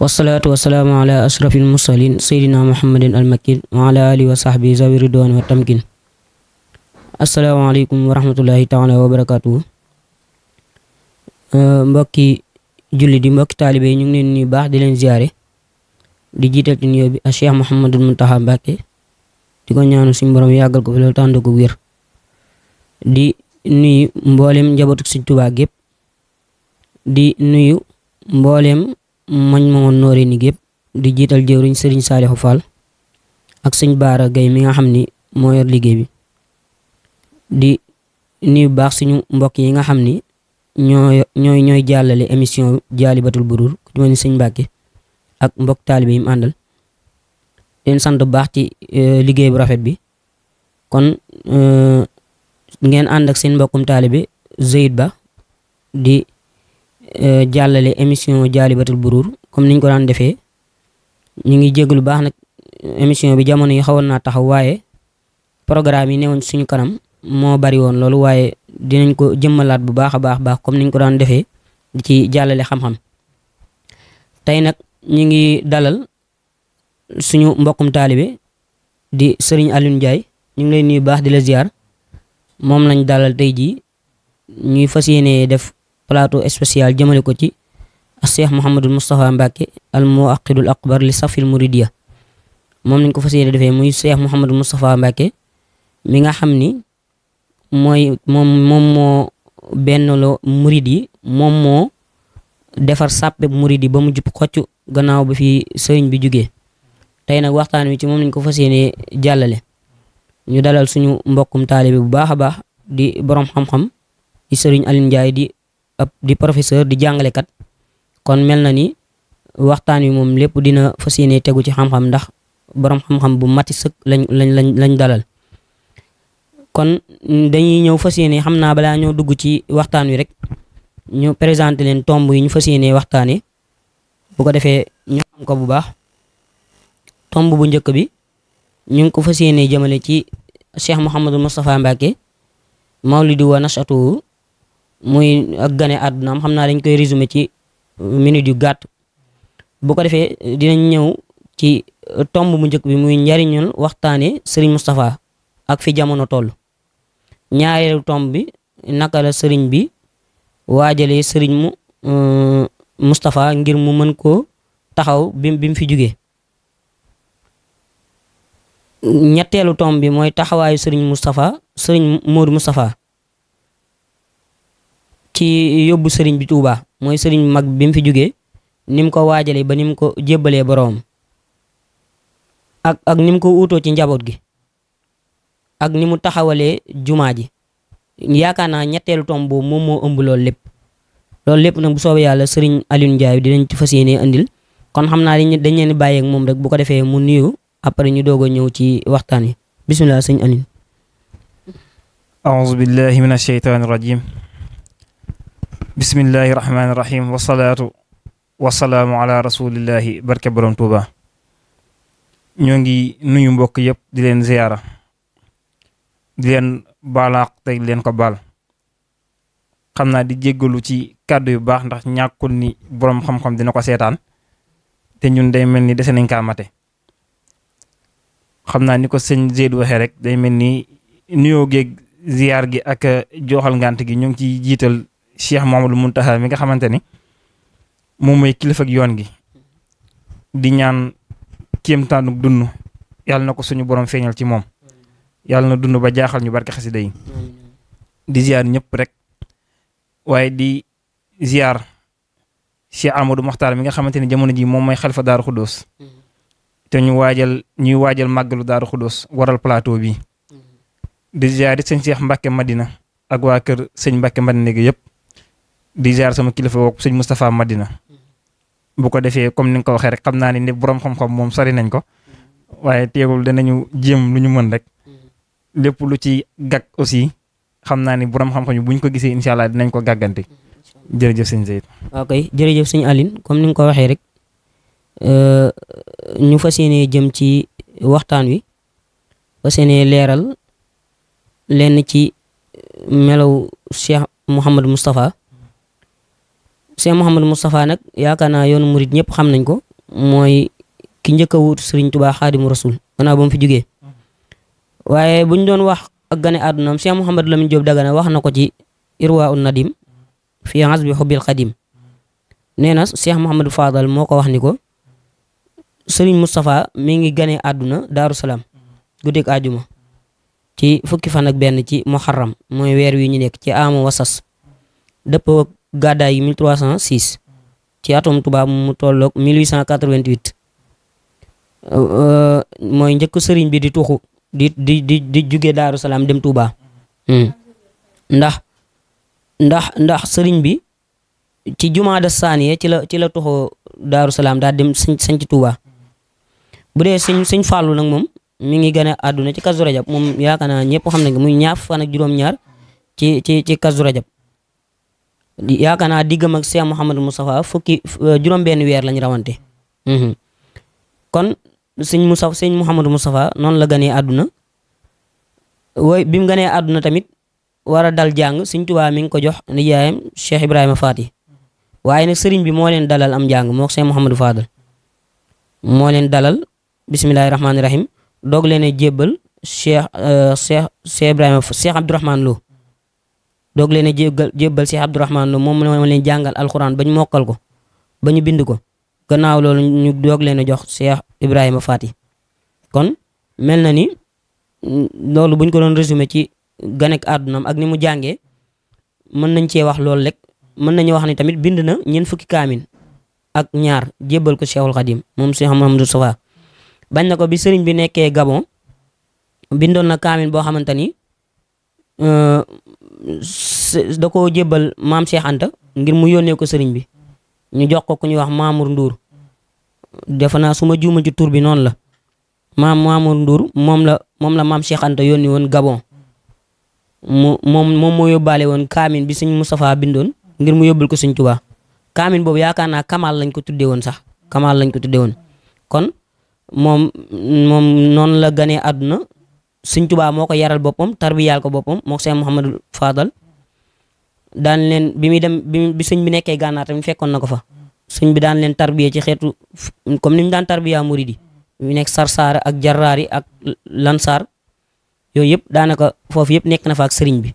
wasalaatu wasalaamu ala ashrafil mursalin seydina muhammadin almakin wa ala alihi wa sahbi zawi ridwan wa tamkin asalaamaaleykum wa rahmatullahi taala wa euh, mbokki julli di mbokki taalibe yi ñu ngi leen nuyu baax di leen ziyaare di jiital ci bi a cheikh Mouhamadul Muntaxa di ko ñaanu suñu borom yàggal ko fi loolu tànd di nuyu mboolem njabootu Sëñ Tuubaa di nuyu mboolem mañ ma woon nooree ni gépp di jiital jëwriñ sëriñ Saliou Fall ak sëñ Baara Gaye mi nga xam ni moo liggéey bi di nuyu baax suñu mbokk yi nga xam ni ñooy ñooy ñooy jàllale émission Jaalibatul Buruur ku ci mel ni sëñ Mbàkke ak mbokk taalibe yi mu àndal leen sant baax ci euh, liggéey bu rafet bi kon euh, ngeen ànd ak seen mbokkum taalibe Zeyd Ba di Euh, jàllale émission jaalibatul buruur comme niñ ko daan defee ñu ngi lu baax nag euh, émission bi jamono yi xawoon naa taxaw waaye programme yi newoon suñu kanam moo bari woon loolu waaye dinañ ko jëmmalaat bu baax a baax baax comme niñ ko daan defee di ci jàllale xam-xam tey nag ñu ngi dalal suñu mbokkum taalibe di sëriñ Alioune Ndiaye ñu ngi lay nuyu baax di la ziar moom lañ dalal tey jii ñuy fas def plateau spécial jëmale ko ci Cheikh Mouhamadul Moustapha Mbacke al muwaqidul akbar li safil muridiya moom lañ ko fa yéene defee muy Cheikh Mouhamadul Moustapha Mbacke mi nga xam ni mooy moom moom moo benn loo murid moom moo defar sàppe murid yi ba mu jub xocc gannaaw ba fi sëriñ bi jugee tey nag waxtaan wi ci moom lañ ko fa yéene jàllale ñu dalal suñu mbokkum taalibe bu baax a baax di borom xam-xam di sëriñ Alioune Ndiaye di ab di professeur di jàngalekat kon mel na ni waxtaan wi moom lépp dina fas yéene tegu ci xam-xam ndax boroom xam-xam bu mati sëkk lañ lañ lañ lañ dalal kon dañuy ñëw fas yéene xam naa balaa ñoo dugg ci waxtaan wi rek ñu présenté leen tomb yi ñu fas yéene waxtaane bu ko defee ñu xam ko bu baax tomb bu njëkk bi ñu ngi ko fas yéene jëmale ci Cheikh Mouhamadou Moustapha Mbacké mawlidu wa nashatuhu muy ak gane àddunaam xam naa dañ koy résumé ci euh, minute yu gàtt bu ko defee euh, dinañ ñëw ci euh, tomb bu njëkk bi muy njariñul waxtaane sëriñ Moustapha ak fi jamono toll ñaareelu tomb bi naka la sëriñ bi waajalee sëriñ mu Moustapha ngir mu mën koo taxaw bi mu fi jugee ñetteelu tomb bi mooy taxawaayu sëriñ Moustapha sëriñ Modou Moustapha ci yóbbu sëriñ bi Touba mooy sëriñ mag bi mu fi jóge ni ko waajalee ba ni mu ko jébbalee boroom ak ak ni ko uutoo ci njaboot gi ak ni mu taxawalee jumaa ji yaakaar naa ñetteelu tomb boobu moom moo ëmb lool lépp loolu lépp nag bu soobee yàlla sëriñ Alioune Ndiaye dinañ ci fas yéenee andil kon xam naa dañ dañ leen bàyyeek moom rek bu ko defee mu nuyu après ñu doog a ñëw ci waxtaan wi bisimilah sëñ Alioune. aouzu billahi mina shaytaani rajim bismillahi rahmaani rahim wasalaatu wasalaamu ala rasulillahi barke borom tuuba ñoo ngi nuyu mbokk yépp di leen ziyaara di leen baalaaq te leen ko baal xam naa di jéggalu ci kàddu yu baax ndax ñàkkul ni borom xam-xam dina ko seetaan te ñun day mel ni dese nañ kaa mate xam naa ni ko sëñ Zeyd waxee rek day mel ni nuyoo geeg ziyaar gi ak joxal ngant gi ñu ngi ciy jiital Cheikh Mouhamadou Mountakha mi nga xamante ni moom mooy kilifa ak yoon gi di ñaan kéemtaanug dund yàlla na ko suñu borom feeñal ci moom yàlla na dund ba jaaxal ñu barke xasida yi di ziar ñëpp rek waaye di ziar Cheikh nga xamante ni jamono ji moom mooy xalifa Daaru te ñu waajal ñuy waajal màggalu Daaru Xuddoos waral plateau bi di ziar sëñ ak waa kër sëñ Mbacke Madina gi yëpp di sama kilifa wook sëñ Moustapha Madina bu ko defee comme ni nga ko waxee rek xam naa ne ni borom xam-xam moom sori nañ ko waaye teewul danañu jéem lu ñu mën rek lépp lu ci gàgg aussi xam naa ni borom xam-xam yi bu ñu ko gisee incha allah dinañ ko gàggante jërëjëf sëñ Zaid. ok jërëjëf sëñ Aline ni nga ko waxee rek euh, ñu fas yéenee jëm ci waxtaan wi fas yéenee leeral lenn ci melaw Cheikh Mouhamadou Moustapha. Cheikh Mouhamadou Moustapha nag yaakaar naa yoonu murit ñëpp xam nañ ko mooy ki njëkk a wuutu Serigne Touba Xaadimu Rasul ba mu fi jógee waaye buñ doon wax ak gane àddunaam Cheikh Mouhamadou Lamine Diop Dagana wax na ko ci Irwa un Nadim fi hasbi xubbil xadim nee na Cheikh Mouhamadou Fadal moo ko wax ni ko Serigne Moustapha mi ngi gane àdduna Daaru Salaam guddeeg ci fukki fan ak benn ci muharram mooy weer wi ñu nekk ci amu wasas dëppoo gàddaay yi 1306 ci atum tubaab mu tolloog 1888 euh, mooy njëkk sëriñ bi di tuxu di di di di jóge Daaru Salaam dem Touba hmm. ndax ndax ndax sëriñ bi ci jumaa da saaniye ci la ci la tuxoo Daaru Salaam daal dem sañ sañ ci Touba bu dee sëñ sëñ Fallou nag moom mi ngi gën a ci Kazu Rajab moom yaakaar naa ñëpp xam nañ ko muy ñaar fan ak ñaar ci ci ci Kazu Rajab yaakaar naa diggam ak Cheikh Mouhamadou Moustapha fukki euh, juróom-benn weer lañ rawante mhm. kon sëñ Moustapha sëñ Mouhamadou Moustapha noonu la ganee àdduna way bi mu ganee àdduna tamit war a dal jàng sëñ Tuubaa mi ngi ko jox nijaayam Cheikh Ibrahima Faati waaye na sëriñ bi moo leen dalal am jàng moo Cheikh Mouhamadou Fadal moo leen dalal bisimilahi rahmaani rahim doog leen a jébbal Cheikh euh, Cheikh Cheikh Ibrahima Lo doog leen a jébal jébbal Cheikh Abdourahman Lo moom moo leen jàngal alxuraan ba ñu mokkal ko ba ñu bind ko gannaaw loolu ñu doog leen a jox Cheikh Ibrahima Fati kon mel na ni mm, loolu buñ ko doon résumé ci ganek àddunaam ak ni mu jàngee mën nañ cee wax loolu rek mën nañu wax ni tamit bind na ñeent fukki kaamin ak ñaar jébbal ko Cheikhul Khadim moom Cheikh Mahamadou Safa bañ na ko bi sëriñ bi nekkee Gabon bindoon na kaamin boo xamante ni euh, da ko jébbal maam Cheikh Anta ngir mu yónnee ko sëriñ bi ñu jox ko ku ñuy wax Mamour nduur defe naa su ma juuma tur bi noonu la maam Mamour nduur moom la moom la maam Cheikh Anta yónni woon Gabon mu moom moom moo yóbbaale woon bi sëñ Moustapha bindoon ngir mu yóbbal ko sëñ Tuubaa kaamin boobu yaakaar naa Kamal lañ ko tuddee woon sax Kamal lañ ko tuddee woon moom moom noonu la ganee àdduna Sëñ Tuubaa moo ko yaral boppam tarbiyaal ko boppam moo Seex Muhammadul Faadal daan leen bi muy dem bi sëñ bi nekkee gànnaar tamit fekkoon na ko fa sëñ bi daan leen tarbiya ci xeetu comme ni mu daan tarbiya muridi mu nekk sarsaara ak jarraari ak lansaar yooyu yëpp daanaka foofu yëpp nekk na fa ak sëriñ bi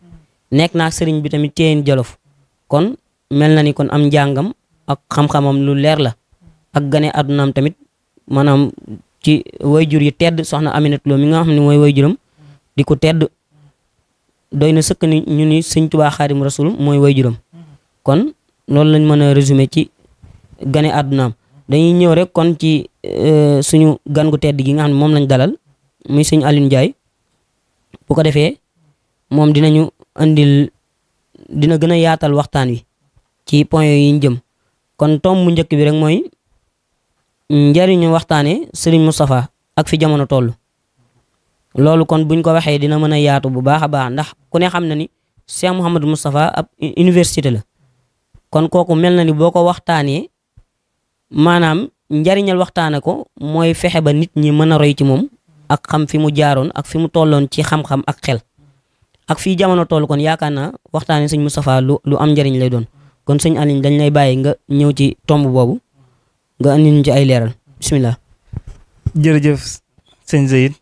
nekk naa ak sëriñ bi tamit téyeen jolof kon mel na ni kon am njàngam ak xam-xamam lu leer la ak gane àddunaam tamit maanaam ci wayjur yi tedd soxna Aminata Lo mi nga xam ne mooy wayjuram di ko tedd doy na sëkk ni ñu ni sëñ Tuubaa Xaadim Rasul mooy wayjuram kon loolu lañ mën a résumé ci gane àddunaam dañuy ñëw rek kon ci e, suñu gan gu tedd gi nga xam ne moom lañ dalal muy suñ Alioune Ndiaye bu ko defee moom dinañu andil dina gën a yaatal waxtaan wi ci point yi ñu jëm kon tomb bu njëkk bi rek mooy njariñu waxtaane sëriñ Moustapha ak fi jamono toll loolu kon buñ ko waxee dina mën a yaatu bu baax a baax ndax ku ne xam na ni Cheikh Mouhamadou Moustapha ab université la kon kooku mel na ni boo ko waxtaanee maanaam njariñal waxtaane ko mooy fexe ba nit ñi mën a roy ci moom ak xam fi mu jaaroon ak fi mu tolloon ci xam-xam ak xel ak fii jamono toll kon yaakaar naa waxtaane sëñ Moustapha lu lu am njariñ lay doon kon sëñ Aliñ dañ lay bàyyi nga ñëw ci tomb boobu nga ci ay leeral bisimilah. jërëjëf sëñ Zaid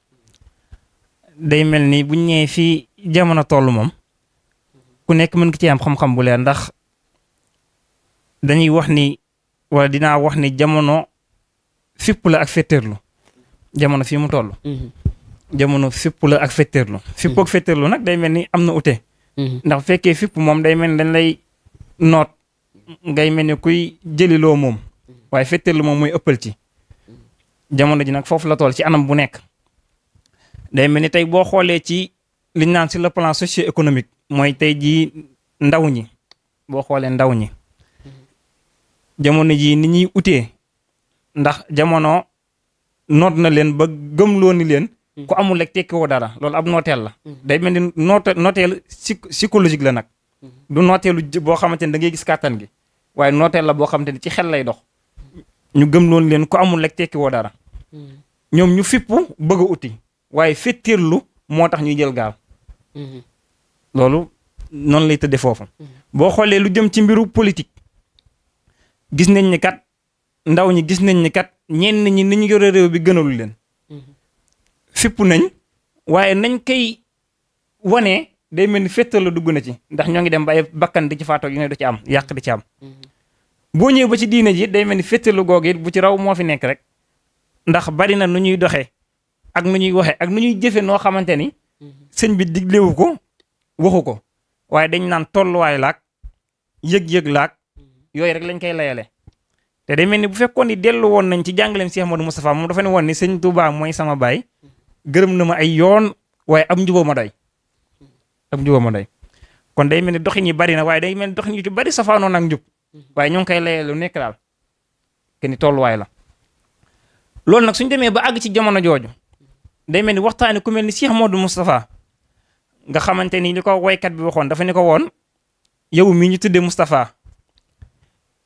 day mel ni bu ñu ñëwee fii jamono toll moom ku nekk mën nga ci am xam-xam bu leer ndax dañuy wax ni wala dinaa wax ni jamono fipp la ak fetteerlu jamono fii mu toll. Mhm. jamono fipp la ak fetteerlu. fipp ak mhm. fetteerlu nag day mel ni am na ute. Mhm. ndax bu fekkee fipp moom day mel ni dañ lay noot ngay mel ni kuy jëliloo moom. waaye fetteelu moom mooy ëppal ci jamono ji nag foofu la tool ci anam bu nekk. day mel ni tey boo xoolee ci liñ naan si le plan socio-économique mooy tey jii ndaw ñi boo xoolee ndaw ñi jamono jii ni ñuy utee ndax jamono noot na leen ba gëmloo ni leen. ku amul rek tekkiwoo dara loolu ab nooteel la. day mel ni noote nooteel psychologique la nag. du nooteelu boo xamante ni da ngay gis kàttan gi waaye nooteel la boo xamante ni ci xel lay dox. ñu gëm loon leen ko amul rek tekki woo dara hmm. ñoom ñu fippu bëgg a uti waaye fettirlu moo tax ñuy jël gaal hmm. loolu noonu lay tëdde foofu hmm. boo xoolee lu jëm ci mbiru politique gis nañ ni kat ndaw ñi gis nañ ni kat ñenn ñi ni ñu yore réew bi gënalu leen fippu nañ waaye nañ kay wane day mel ni fettal la dugg na ci ndax ñoo ngi dem ba ay bakkan di ci faatoog yu ne du ci am yàq di ci am boo ñëwee ba ci diine ji day mel ni féttalu googu it bu ci raw moo fi nekk rek ndax bari na nu ñuy doxee ak nu ñuy waxee ak nu ñuy jëfe noo xamante ni sëñ bi diglewu ko waxu ko waaye dañ naan tolluwaay laag yëg-yëg laag yooyu rek lañ koy layale te day mel ni bu fekkoon ni dellu woon nañ ci jàngaleem Cheikh Modou Moustapha moom dafa ne woon ni sëñ Touba mooy sama baay gërëm na ma ay yoon waaye am njuboo ma doy am njuboo ma doy kon day mel ni doxin yi bari na waaye day mel ni doxin yu ci bari safaanoon ak njub Mhm. waaye ñoo ngi koy layee lu nekk daal ke ni tolluwaay la loolu nag suñ demee ba àgg ci jamono jooju day mel ni waxtaani ku mel ni Cheikh Modou Moustapha nga xamante ni li ko woykat bi waxoon dafa ne ko woon yow mii ñu tuddee Moustapha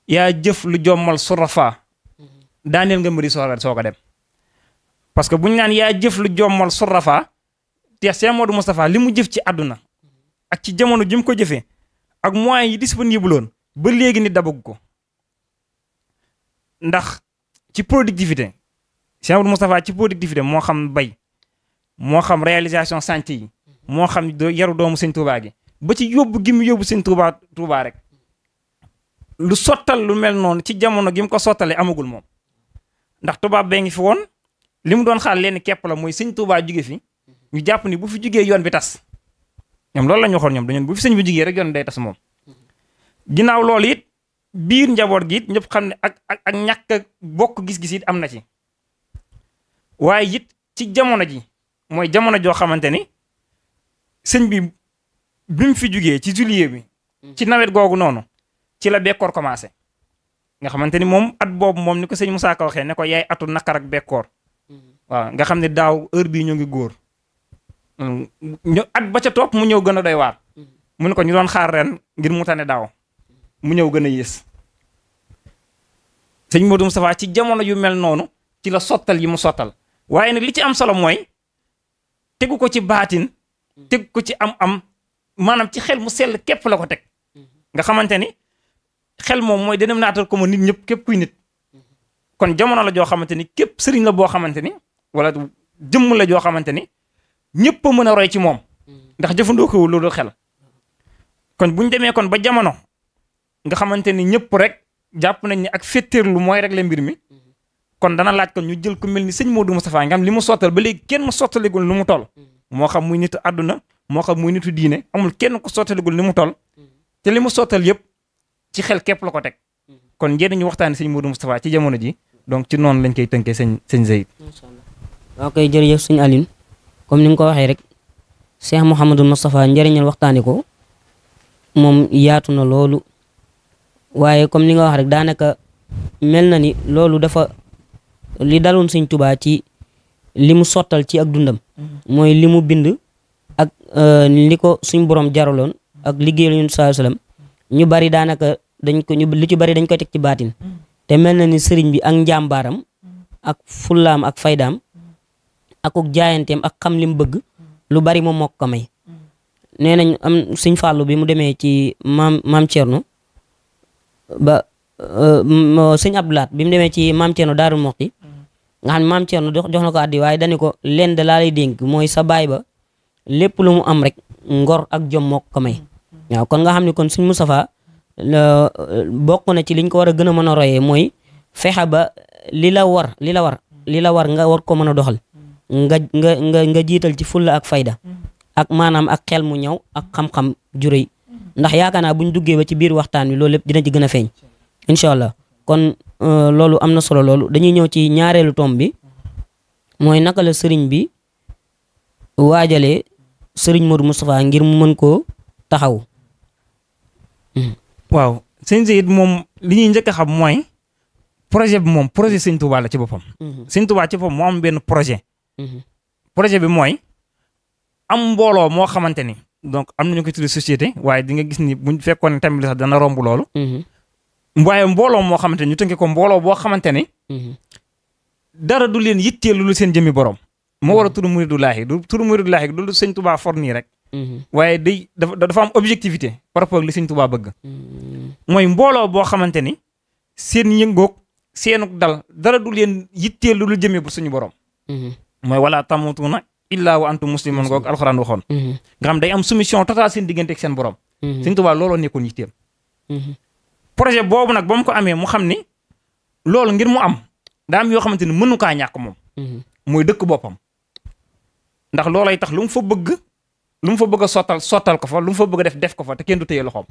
yaa jëf lu jommal surafa mhm. daaneel nga mbëri soo soo ko dem parce que bu ñu naan yaa jëf lu jommal surafa te Cheikh Modou Moustapha li mu jëf ci àdduna ak ci jamono jim ko jëfe ak moyens yi disponible woon ba léegi ni dabag ko ndax ci productivité Cheikh Abdou Moustapha ci productivité moo xam bay moo xam réalisation chantier yi moo xam yaru doomu sëñ Touba gi ba ci yóbbu gi mu yóbbu sëñ Touba Touba rek lu sottal lu mel noonu ci jamono gi mu ko sottalee amagul moom ndax tubaab bee ngi fi woon li mu doon xaar leen képp la mooy sëñ Touba jóge fi ñu jàpp ni bu fi jugee yoon bi tas ñoom loolu la ñu waxoon ñoom dañu bu fi sëñ bi jugee rek yoon day tas moom ginnaaw loolu it biir njaboot gi it ñëpp xam ne ak ak ak bokk gis-gis am na ci waaye it ci jamono ji mooy jamono joo xamante ni sëñ bi bi fi jugee ci juillet bi. Mm. ci nawet googu noonu ci la bekkoor commencé. nga xamante ni moom at boobu moom ni ko sëñ Moussa Ka waxee ne ko yaay atu nakar ak bekkoor. Mm-hmm. waaw nga xam ne daaw heure bii ñu ngi góor. Mm, at ba ca topp mu ñëw gën a doy waar. Mm-hmm. mu ne ko ñu doon xaar ren ngir mu tane daaw. mu ñëw gën a yées sëñ Modou Moustapha ci jamono yu mel noonu ci la sottal yi mu sottal waaye nag li ci am solo mooy tegu ko ci baatin tegu ko ci am-am maanaam ci xel mu sell képp la ko teg nga xamante ni xel moom mooy dénominateur commun nit ñëpp képp kuy nit kon jamono la joo xamante ni képp sëriñ la boo xamante ni wala jëmm la joo xamante ni ñëpp a mën a roy ci moom ndax jëfandoo ko loolu xel kon bu ñu demee kon ba jamono nga xamante ni ñëpp rek jàpp nañ ni ak féttéerlu mooy rek régler mbir mi mhm. kon dana laaj kon ñu jël ku mel ni sëñ Modou Moustapha nga li mu sottal ba léegi kenn mu sottalegul lu mu toll mhm. moo xam muy nitu àdduna moo xam muy nitu diine amul kenn ku sottalegul li mu toll mhm. te li mu sottal yëpp ci xel képp la ko teg kon njëriñu waxtaane sëñ Modou Moustapha ci jamono ji donc ci noonu lañ koy tënkee sëñ sëñ Zayd waaw koy jërëjëf sëñ Aline comme ni nga ko waxee rek Cheikh Mouhamadou Moustapha njëriñal waxtaane ko moom yaatu na loolu waaye comme li nga wax rek daanaka mel na ni loolu dafa li daloon sëñ tubaa ci li mu sottal ci ak dundam mm-hmm. mooy li mu bind ak euh, li ko suñ borom jaraloon ak liggéeyal yonent saa sallam ñu bari daanaka dañ ko ñu li ci bari dañ ko teg ci baatin mm-hmm. te mel na ni sëriñ bi ak njàmbaaram mm-hmm. ak fullaam ak faydaam ak ak jaayanteem ak kam li mu bëgg lu bari moom moo ko may nee nañ am sëñ fàllu bi mu demee ci maam maam Cerno ba euh, mm, sëñ Abdoulaat bi mu demee ci maam Thierno Daarul Moxti nga xam ne maam Thierno jox na ko addi waaye dani ko lenn da laa lay mooy sa baay ba lépp lu mu am rek ngor ak jom moo ko may waaw kon nga xam ne kon suñ Moustapha euh, bokk na ci liñ ko war a gën a mën a royee mooy fexe ba li la war li la war li la war nga war ko mën a doxal nga nga nga jiital ci fulla ak fayda mm. ak maanaam ak xel mu ñëw ak xam-xam juréy ndax yaakaar naa bu ñu duggee ba ci biir waxtaan wi loolu lépp dina ci gën a feeñ incha allah kon euh, loolu am na solo loolu dañuy ñëw ci ñaareelu tom bi mooy naka la sëriñ bi waajale sëriñ Modou Moustapha ngir mu mën koo taxaw hmm. waaw sëñ Seyid moom li ñuy njëkk a xam mooy projet bi moom projet sëñ Touba ci boppam. Hmm. sëñ Touba ci boppam moo am benn projet. Hmm. projet bi mooy am mbooloo moo xamante ni donc am na ñu ko tuddee société waaye di nga gis ni buñ fekkoon ne tamit sax dana romb loolu. Mm-hmm. waaye mbooloo moo xamante ni ñu tënkee ko mbooloo boo xamante ni. Mm-hmm. dara du leen yitteelu lu seen jëmmi boroom moo war a mm-hmm. turu muridulaahi du turu muridulaahi du sëñ Tuubaa for nii rek. waaye day dafa dafa am objectivité par rapport ak sëñ Tuubaa bëgg. mooy mbooloo boo xamante ni seen yëngoog seenug dal dara du leen yitteelu lu jëmee bu suñu borom. mooy wala tamutu illaa wa antum muslimun ngoog alxuraan waxoon mhm. nga xam day am soumission totale seen diggante ak seen borom mhm. sëñ Tuubaa looloo nekkoon yitteem mhm. projet boobu nag ba mu ko amee mu xam ni loolu ngir mu am daa am yoo xamante ni mënu kaa ñàkk moom mooy dëkk boppam ndax loolay tax lu mu fa bëgg lu fa bëgg a sottal sottal ko fa lu mu fa bëgg def def ko fa te kenn du téye loxoom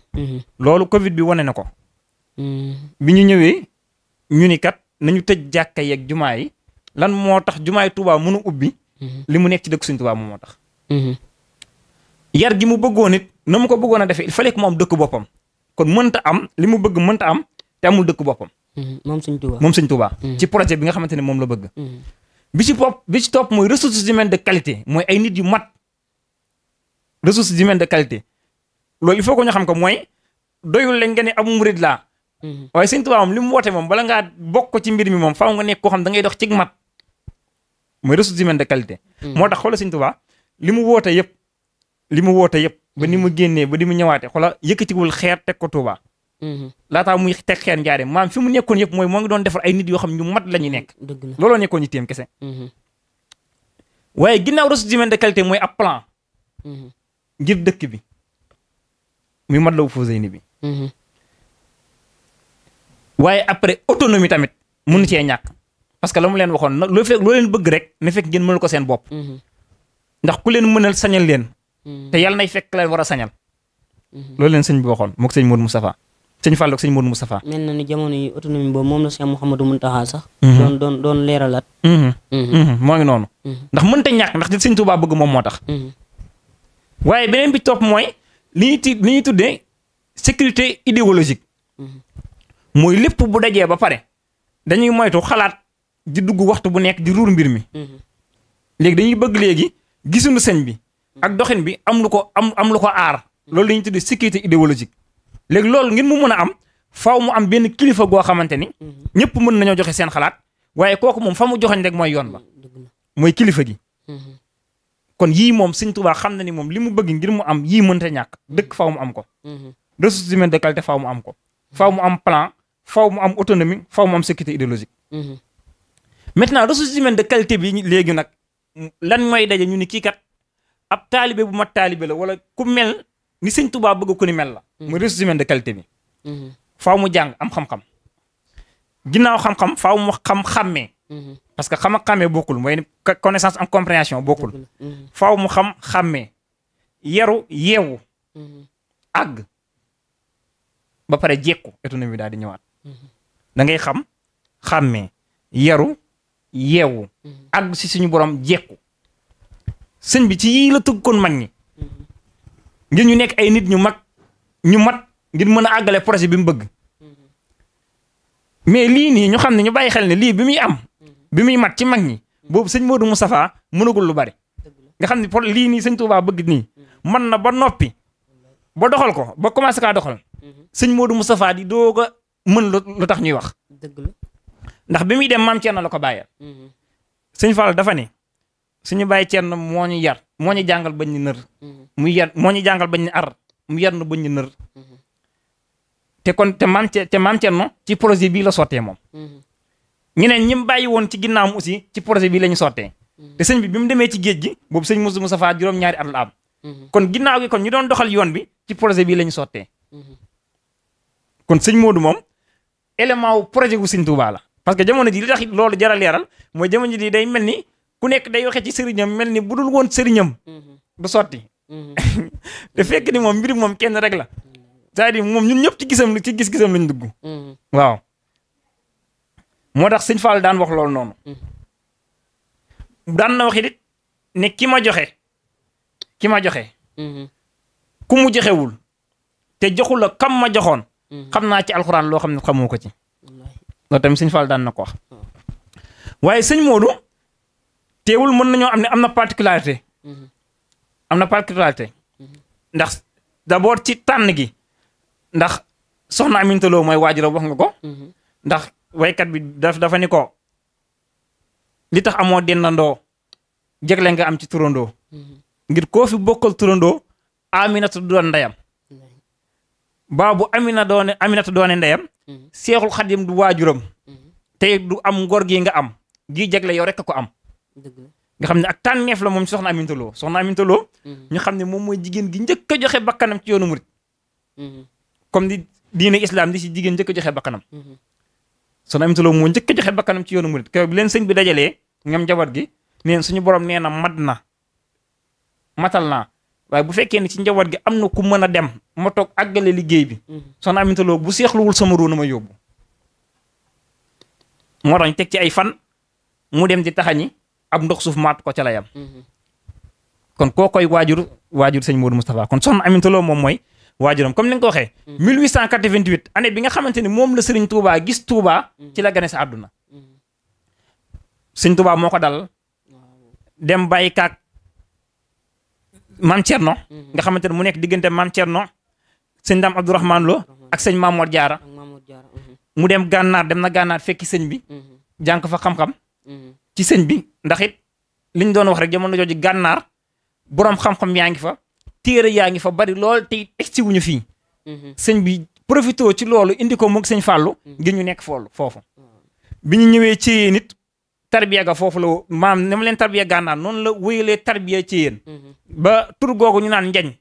loolu covid bi wane na ko bi ñu ñëwee ñu ni kat nañu tëj jàkka yeeg jumaa yi lan moo tax jumaay Tuubaa mënu ubbi Mm-hmm. li mu nekk ci dëkk Sëñ Tuubaa moom moo tax. Mm-hmm. yar gi mu bëggoon it na mu ko bëggoon a defee il fallait que mu dëkk boppam kon mënta am li mu bëgg mënta am te amul dëkk boppam. Mm-hmm. moom Sëñ Tuubaa moom Sëñ Tuubaa ci projet bi nga xamante ne moom la bëgg. bi ci pop bi ci topp mooy ressources humaines de qualité mooy ay nit yu mat ressources humaines de qualité loolu il faut que ñu xam ko mooy doyul la nga ne ab murid laa. waaye Sëñ Tuubaa moom li mu woote moom bala ngaa bokk ci mbir mi moom faaw nga nekk koo xam da ngay dox mat. mooy ressources humaines de qualité. Mm. moo tax xoolal Sëñ Tuubaa li mu woote yëpp li mu woote yëpp ba ni mu génnee ba ni mu ñëwaatee xoolal yëkkatiwul xeer teg ko Tuubaa. Mm-hmm. laataa muy teg xeer njaaree maam fi mu nekkoon yëpp mooy moo ngi doon defar ay nit yoo xam ñu mat la ñu nekk. looloo nekkoon ñu téem kese. Mm-hmm. waaye ginnaaw ressources humaines de qualité mooy ab plan. Mm-hmm. ngir dëkk bi muy mat la wu foofu ni bi. waaye après autonomie tamit mënu cee ñàkk. parce que la mu leen waxoon nag loo fekk bëgg rek na fekk ngeen mënal ko seen bopp. Mm-hmm. ndax ku leen mënal sañal leen. Mm-hmm. te yàlla nay fekk lay war a sañal. Mm-hmm. loolu leen sëñ bi waxoon moog sëñ Modou Moustapha sëñ Fallou ak sëñ Modou Moustapha. mel na ni jamono yi autonomie boobu moom la sëñ Mouhamadou Mountakha sax. doon doon doon leeralaat. moo ngi noonu. ndax mënta ñàkk ndax li sëñ Touba bëgg moom moo tax. waaye beneen bi topp mooy li ñu ti li ñuy tuddee sécurité idéologique. mooy lépp bu dajee ba pare dañuy moytu xalaat. di duggu waxtu bu nekk di ruur mbir mi. Mhm. léegi dañuy bëgg léegi gisuñu sëñ bi. ak doxin bi am lu ko am am lu ko aar. Mhm. loolu dañuy tuddee sécurité idéologique. léegi loolu ngir mu mën a am faw mu am benn kilifa goo xamante ni. Mhm. ñëpp mën nañoo joxe seen xalaat waaye kooku moom fa mu joxe rek mooy yoon ba. mooy kilifa gi. kon yii moom sëñ Tuubaa xam na ni moom li mu bëgg ngir mu am yii mënta ñàkk dëkk faw mu am ko. ressources humaines de qualité faw mu am ko. faw mu am plan faaw mu am autonomie faaw mu am sécurité maintenant ressources humaines de qualité bi léegi nag lan mooy daje ñu ni kii kat ab taalibe bu mat taalibe la wala ku mel ni sëñ Tuubaa bëgg ku ni mel la. Mm-hmm. muy ressources humaines de qualité bi. Mm-hmm. faaw mu jàng am xam-xam. ginnaaw xam-xam faaw mu xam-xàmmee. Mm-hmm. parce que xam ak xàmmee bokkul mooy connaissance en compréhension bokkul. faaw mu xam xàmmee. yaru yeewu. àgg. ba pare jekku économie daal di ñëwaat. da ngay xam xàmmee yaru yeewu mm-hmm. àgg si suñu borom jekku sëñ bi ci yii la kon mag ñi mm-hmm. ngir ñu nekk ay nit ñu mag ñu mat ngir mën a àggale projet bi mu bëgg mm-hmm. mais lii nii ñu xam ne ñu bàyyi xel ne lii bi muy am bi muy mat ci mag ñi boobu sëñ Modou Moustapha mënagul lu bari nga xam ne pour lii nii sëñ Touba bëgg nii man na ba noppi ba doxal ko ba commencé kaa doxal sëñ Modou Moustapha di doog a mën lu tax ñuy wax. ndax bi muy dem maam Thierno la ko bàyyal. Mhm. suñu Fall dafa ne suñu bàyyi Thierno moo ñu yar moo ñu jàngal bañ ñu nër. Mhm. mu yar moo ñu jàngal bañ ñu ar mu yar nu bañ ñu nër. Mhm. te kon te maam te maam Thierno ci projet bii la sottee moom. ñeneen ñi mu bàyyi woon ci ginnaawam aussi ci projet bii la ñu sottee. te sëñ bi bi mu demee ci géej gi boobu sëñ Moussa Moustapha juróom-ñaari at la am. kon ginnaaw gi kon ñu doon doxal yoon bi ci projet bi la ñu sottee. kon sëñ Modou moom élément wu projet wu sëñ baala parce que jamono ji li tax loolu jaral a leeral mooy jamono ji day mel ni ku nekk day waxee ci sëriñam mel ni bu dul woon sëriñam mhm. du sotti mhm. te fekk ni moom mbir moom kenn rek la cest moom ñun ñëpp ci gisam ci gis-gisam lañ dugg mhm. waaw moo tax sëñ Fall daan wax loolu noonu daan na wax ne ki ma joxe ki ma joxe kumu mu joxewul te joxul la kam ma joxoon xam naa ci alxuraan loo xam ne xamoo ko ci loolu tamit sëñ Fall daan na ko hmm. waaye sëñ Modou teewul mën nañoo am ne am na particularité hmm. am na particularité hmm. ndax d'abord ci tànn gi ndax soxna Aminta Lo mooy waajur wax nga ko ndax waykat bi daf dafa ni ko li tax amoo dendandoo jegle nga am ci turandoo ngir koo fi bokkal turandoo Aminata doon ndayam baa bu Amina doone Aminata doon ndayam Mhm. seexul xadim du waajuram mhm. te du am ngor gi nga am gi jagle yow rek a ko am nga xam ne ak tànneef la moom soxna Aminta Lo soxna Aminta mhm. ñu xam ne moom mooy jigéen gi njëkk a joxe bakkanam ci yoonu murit comme di diine islam di si jigéen njëkk joxe bakkanam soxna Aminta Lo moo njëkk a joxe bakkanam ci yoonu murit keroog bi leen sëñ bi dajalee ngam jabar gi neen suñu borom nee na mat na matal naa waaye bu fekkee ne ci njaboot gi am na ku mën a dem ma toog àggale liggéey bi mm-hmm. soxna amintaloo bu seexluwul sama na ma yóbbu moo tax ñu teg ci ay fan mu dem di taxañi ab ndox suuf maat ko ca la yam mm-hmm. kon koo koy waajur waajur sëñ Modou Moustapha kon soxna amintaloo moom mooy waajuram comme ni nga ko waxee 1888 mm-hmm. année bi nga xamante ni moom la sëriñ Touba gis Touba ci la gane sa àdduna sëñ Touba moo ko dal dem bàyyi kaak maam Thierno. Mhm. nga xamante ne mu nekk diggante maam Thierno sëñ Dame Abdourahman Lo mhm. ak sëñ Mamour Diarra. Mhm. mu dem gànnaar dem na gànnaar fekki sëñ bi. jànk fa xam-xam. ci sëñ bi ndax it liñ doon wax rek jamono jooju gànnaar borom xam-xam yaa ngi fa. téere yaa ngi fa bari lool te it egsi wuñu fii. sëñ bi profité ci loolu indi ko moog sëñ Fallou. ngir ñu nekk foolu foofu. bi ñu ñëwee ci nit tarbiya ga foofu la maam ni ma leen tarbiya gànnaar noonu la wéyalee tarbiya ci yéen mhm. ba tur googu ñu naan njañ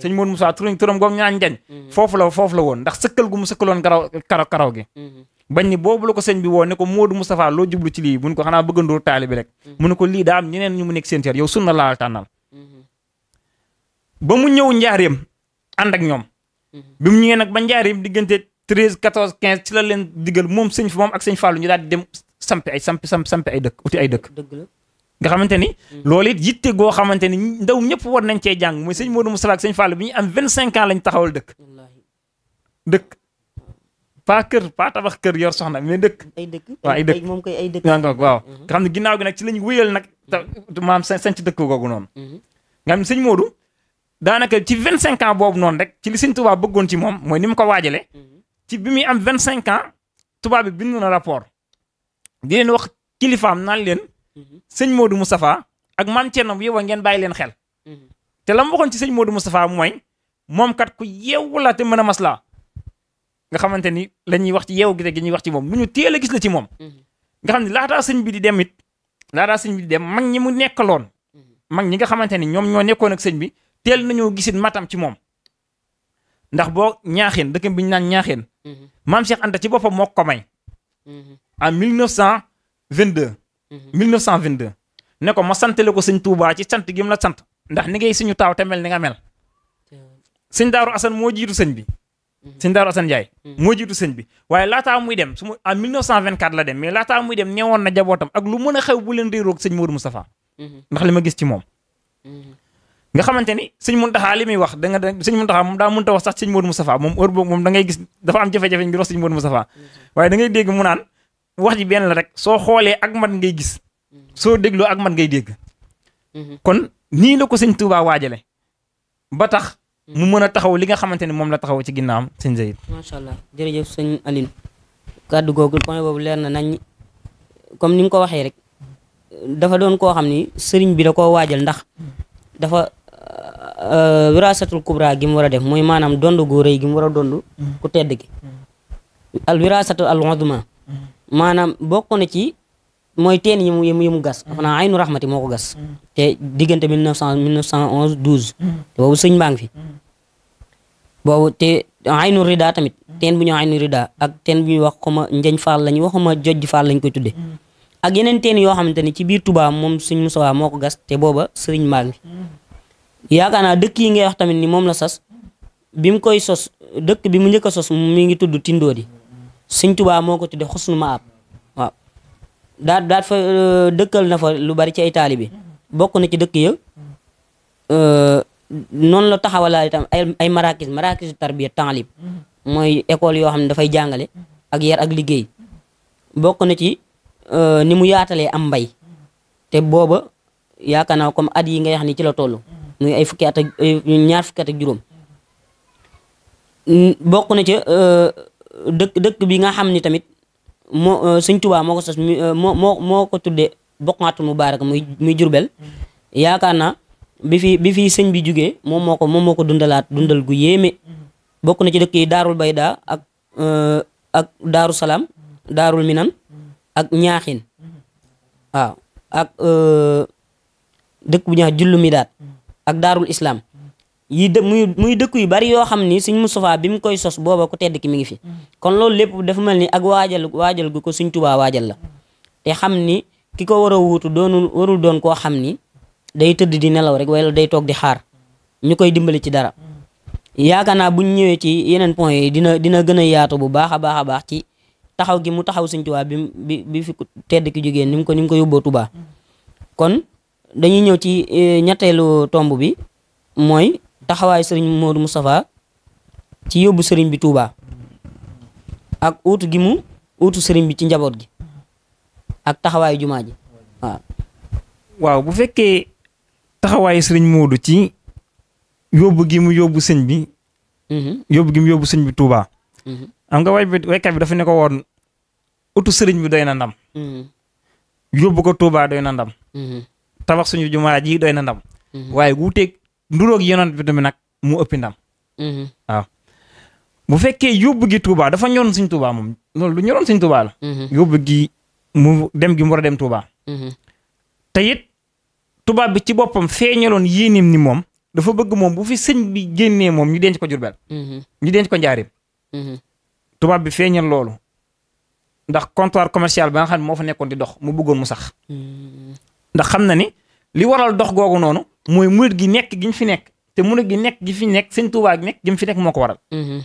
sëñ Modou tur turuñ turam googu ñu naan njañ mhm. foofu la foofu la woon ndax sëkkal gu mu sëkkaloon karaw karaw karaw gi mhm. bañ ni boobu la ko sëñ bi woo ne ko Modou Moustapha loo jublu ci lii mun ko xanaa bëgg a ndóor taalibi rek ne ko lii daa am ñeneen ñu mu nekk seen cër yow sunna laal tànnal ba mu ñëw njaareem ànd ak ñoom bi mu ñëwee nag ba njaareem diggante 13 14 15 ci la leen diggal moom sëñ fa moom ak sëñ Fallou ñu daal di dem sampe ay samp samp samp ay dëkk uti ay dëkk nga xamante ni mm. loolu it yitte goo xamante ni ndaw ñëpp war nañ cee jàng mooy sëñ Modou Moustapha ak sëñ Fall bi ñuy am vingt cinq ans lañ taxawal dëkk dëkk pas kër pas tabax kër yor soxna mais dëkk ay dëkk waaw ay moom koy ay dëkk waaw mm-hmm. xam ne ginnaaw gi nag ci lañ wéyal nag maam sanc dëkk googu noonu mm-hmm. nga xam ne sëñ daanaka ci vingt cinq ans boobu noonu rek ci li sëñ Tuubaa bëggoon ci moom mooy ni mu ko waajale mm-hmm. ci bi muy am vingt cinq ans Tuubaa bi bind na rapport di leen wax kilifaam naan leen mhm. sëñ Modou Moustapha ak maam Thierno bu yeboo ngeen bàyyi leen xel mhm. te la mu waxoon ci sëñ moodu Modou Moustapha mooy moom kat ku yewwu la te mën a maslaa nga xamante ni la ñuy wax ci yeewu gi te gi ñuy wax ci moom mu ñu teel a gis la ci moom mhm. nga xam ne laataa sëñ bi di dem it sëñ bi di dem mag ñi mu nekkaloon mag ñi nga xamante ni ñoom ñoo nekkoon ak sëñ bi teel nañoo gisit matam ci moom ndax boo ñaaxeen dëkk bi ñu naan ñaax maam Cheikh ci boppam moo ko en 1922. 1922 mhm. ne ko ma santale ko sëñ Touba ci sant gi mu la sant. ndax ni ngay suñu taaw te mel ni nga mel. sëñ Daaru asan moo jiitu sëñ bi. Mhm. sëñ Daaru Assane Ndiaye. Mhm. moo jiitu sëñ bi waaye laataa muy dem su ma en 1924 la dem mais laataa muy dem newoon na jabootam ak lu mën a xew bu leen réeroog sëñ Modou ndax li ma gis ci moom. nga xamante ni sëñ Muntaxa li muy wax da nga sëñ Muntaxa moom daa mënta wax sax sëñ Modou Moustapha moom heure moom da ngay gis dafa am jafe-jafe ngir wax sëñ Modou Moustapha waaye wax ji benn la rek soo xoolee ak mat ngay gis mm-hmm. soo dégloo ak mat ngay dégg mm-hmm. kon nii la ko sëñ Touba waajale ba tax mm-hmm. mu mën a taxaw li nga xamante ne moom la taxaw ci ginnaawam sëñ Zayd macha allah jërëjëf sëñ Aline kàddu googu point boobu leer na nañ comme ni nga ko waxee rek dafa doon koo xam ni sëriñ bi da koo waajal ndax dafa euh, wiraasatul kubra gi mu war a def mooy maanaam dond gu rëy gi mu war a dond ku tedd gi al wiraasatu al uzma maanaam bokk na ci mooy teen yi mu yi mu gas. xam mm. naa aynu rahmati moo ko gas. Mm. te diggante mille neuf cent cent onze douze. Mm. te boobu sëñ baa ngi fi. boobu te aynu rida tamit teen bu ñu aynu rida ak teen bu ñuy wax xuma njañ faal lañ faal lañ koy tuddee ak yeneen teen yoo xamante ne ci biir tubaab moom sëñ Moussa moo ko gas te booba sëriñ baa fi. yaakaar naa dëkk yi ngay wax tamit ni moom la sas bi mu koy sos dëkk bi mu njëkk a sos mi ngi tudd tindoo Tindoodi. sëñ Tuubaa moo ko de tudde xusnu maab waaw daat daat fa euh, dëkkal na fa lu bari ci ay taalibe bokk na ci dëkk ya euh, noonu la taxawalaal itam ay ay marakis marakisu tarbiya taalib mooy école yoo xam ne dafay jàngale ak yar ak liggéey bokk na ci euh, ni mu yaatalee am mbay te booba yaakaar naa comme at yi nga xam ne ci la toll muy ay fukki ñaar fukki at juróom bokk na ci dëkk dëkk bi nga xam ni tamit moo euh, sëñ Tuubaa moo ko sos euh, moo moo moo ko tuddee boqaatul mubaaraka muy muy Jurbel yaakaar naa bi fi bi fi sëñ bi jugee moom moo ko moom moo ko dundalaat dundal gu yéeme bokk na ci dëkk yi daarul bayda ak euh, ak daaru salaam daarul minan ak ñaaxin waaw ak dëkk bu ñaax jullu mi ak daarul islaam yi dë muy muy dëkk yu bari yoo xam ni suñ Moustapha bi mu koy sos booba ku tedd ki mi ngi fi kon loolu lépp def mel ni ak waajal waajal gu ko suñ Tuubaa waajal la te xam ni ki ko war a wuutu doonul warul doon koo xam ni day tëdd di nelaw rek wala day toog di xaar ñu koy dimbali ci dara yaakaar naa buñ ñëwee ci yeneen point yi dina dina gën yaatu bu baax a baax a baax ci taxaw gi mu taxaw suñ Tuubaa bi bi bi fi tedd ki jógee ni mu ko ni mu ko yóbboo Tuubaa kon dañuy ñëw ci eh, ñetteelu tomb bi mooy taxawaayu sëriñ moodu Moustapha ci yóbbu sëriñ bi Touba ak uutu gi mu uutu sëriñ bi ci njaboot gi ak taxawaayu jumaa waaw. bu fekkee taxawaayu sëriñ moodu ci yóbbu gi mu yóbbu sëñ bi. Mhm. yóbbu gi yóbbu sëñ bi Touba. Mhm. am nga way bi waykat bi dafa ne woon utu sëriñ bi doy na ndam. Mhm. yóbbu ko Touba doy na ndam. tabax suñu jumaa ji doy na ndam. waaye wuuteeg nduroog yonent bi tamit nag mu ëppi ndam. Mm-hmm. waaw bu fekkee yóbbu gi Touba dafa ñoroon suñ Touba moom loolu lu ñoroon suñ Touba la. Mm-hmm. yóbbu gi mu dem gi war a dem mm-hmm. te it Touba bi ci boppam feeñaloon yéeneem ni moom dafa bëgg moom bu fi sëñ bi génnee moom ñu denc ko Jurbel. ñu ko Njaareem. Touba bi feeñal loolu. ndax comptoir commercial ba nga moo fa nekkoon di dox mu bëggoon mu sax. ndax xam na ni li waral dox googu noonu mooy murit gi nekk gi ñu fi nekk te murit gi nekk gi fi nekk sëñ Tuubaa gi mu fi nekk moo ko waral. Mm-hmm.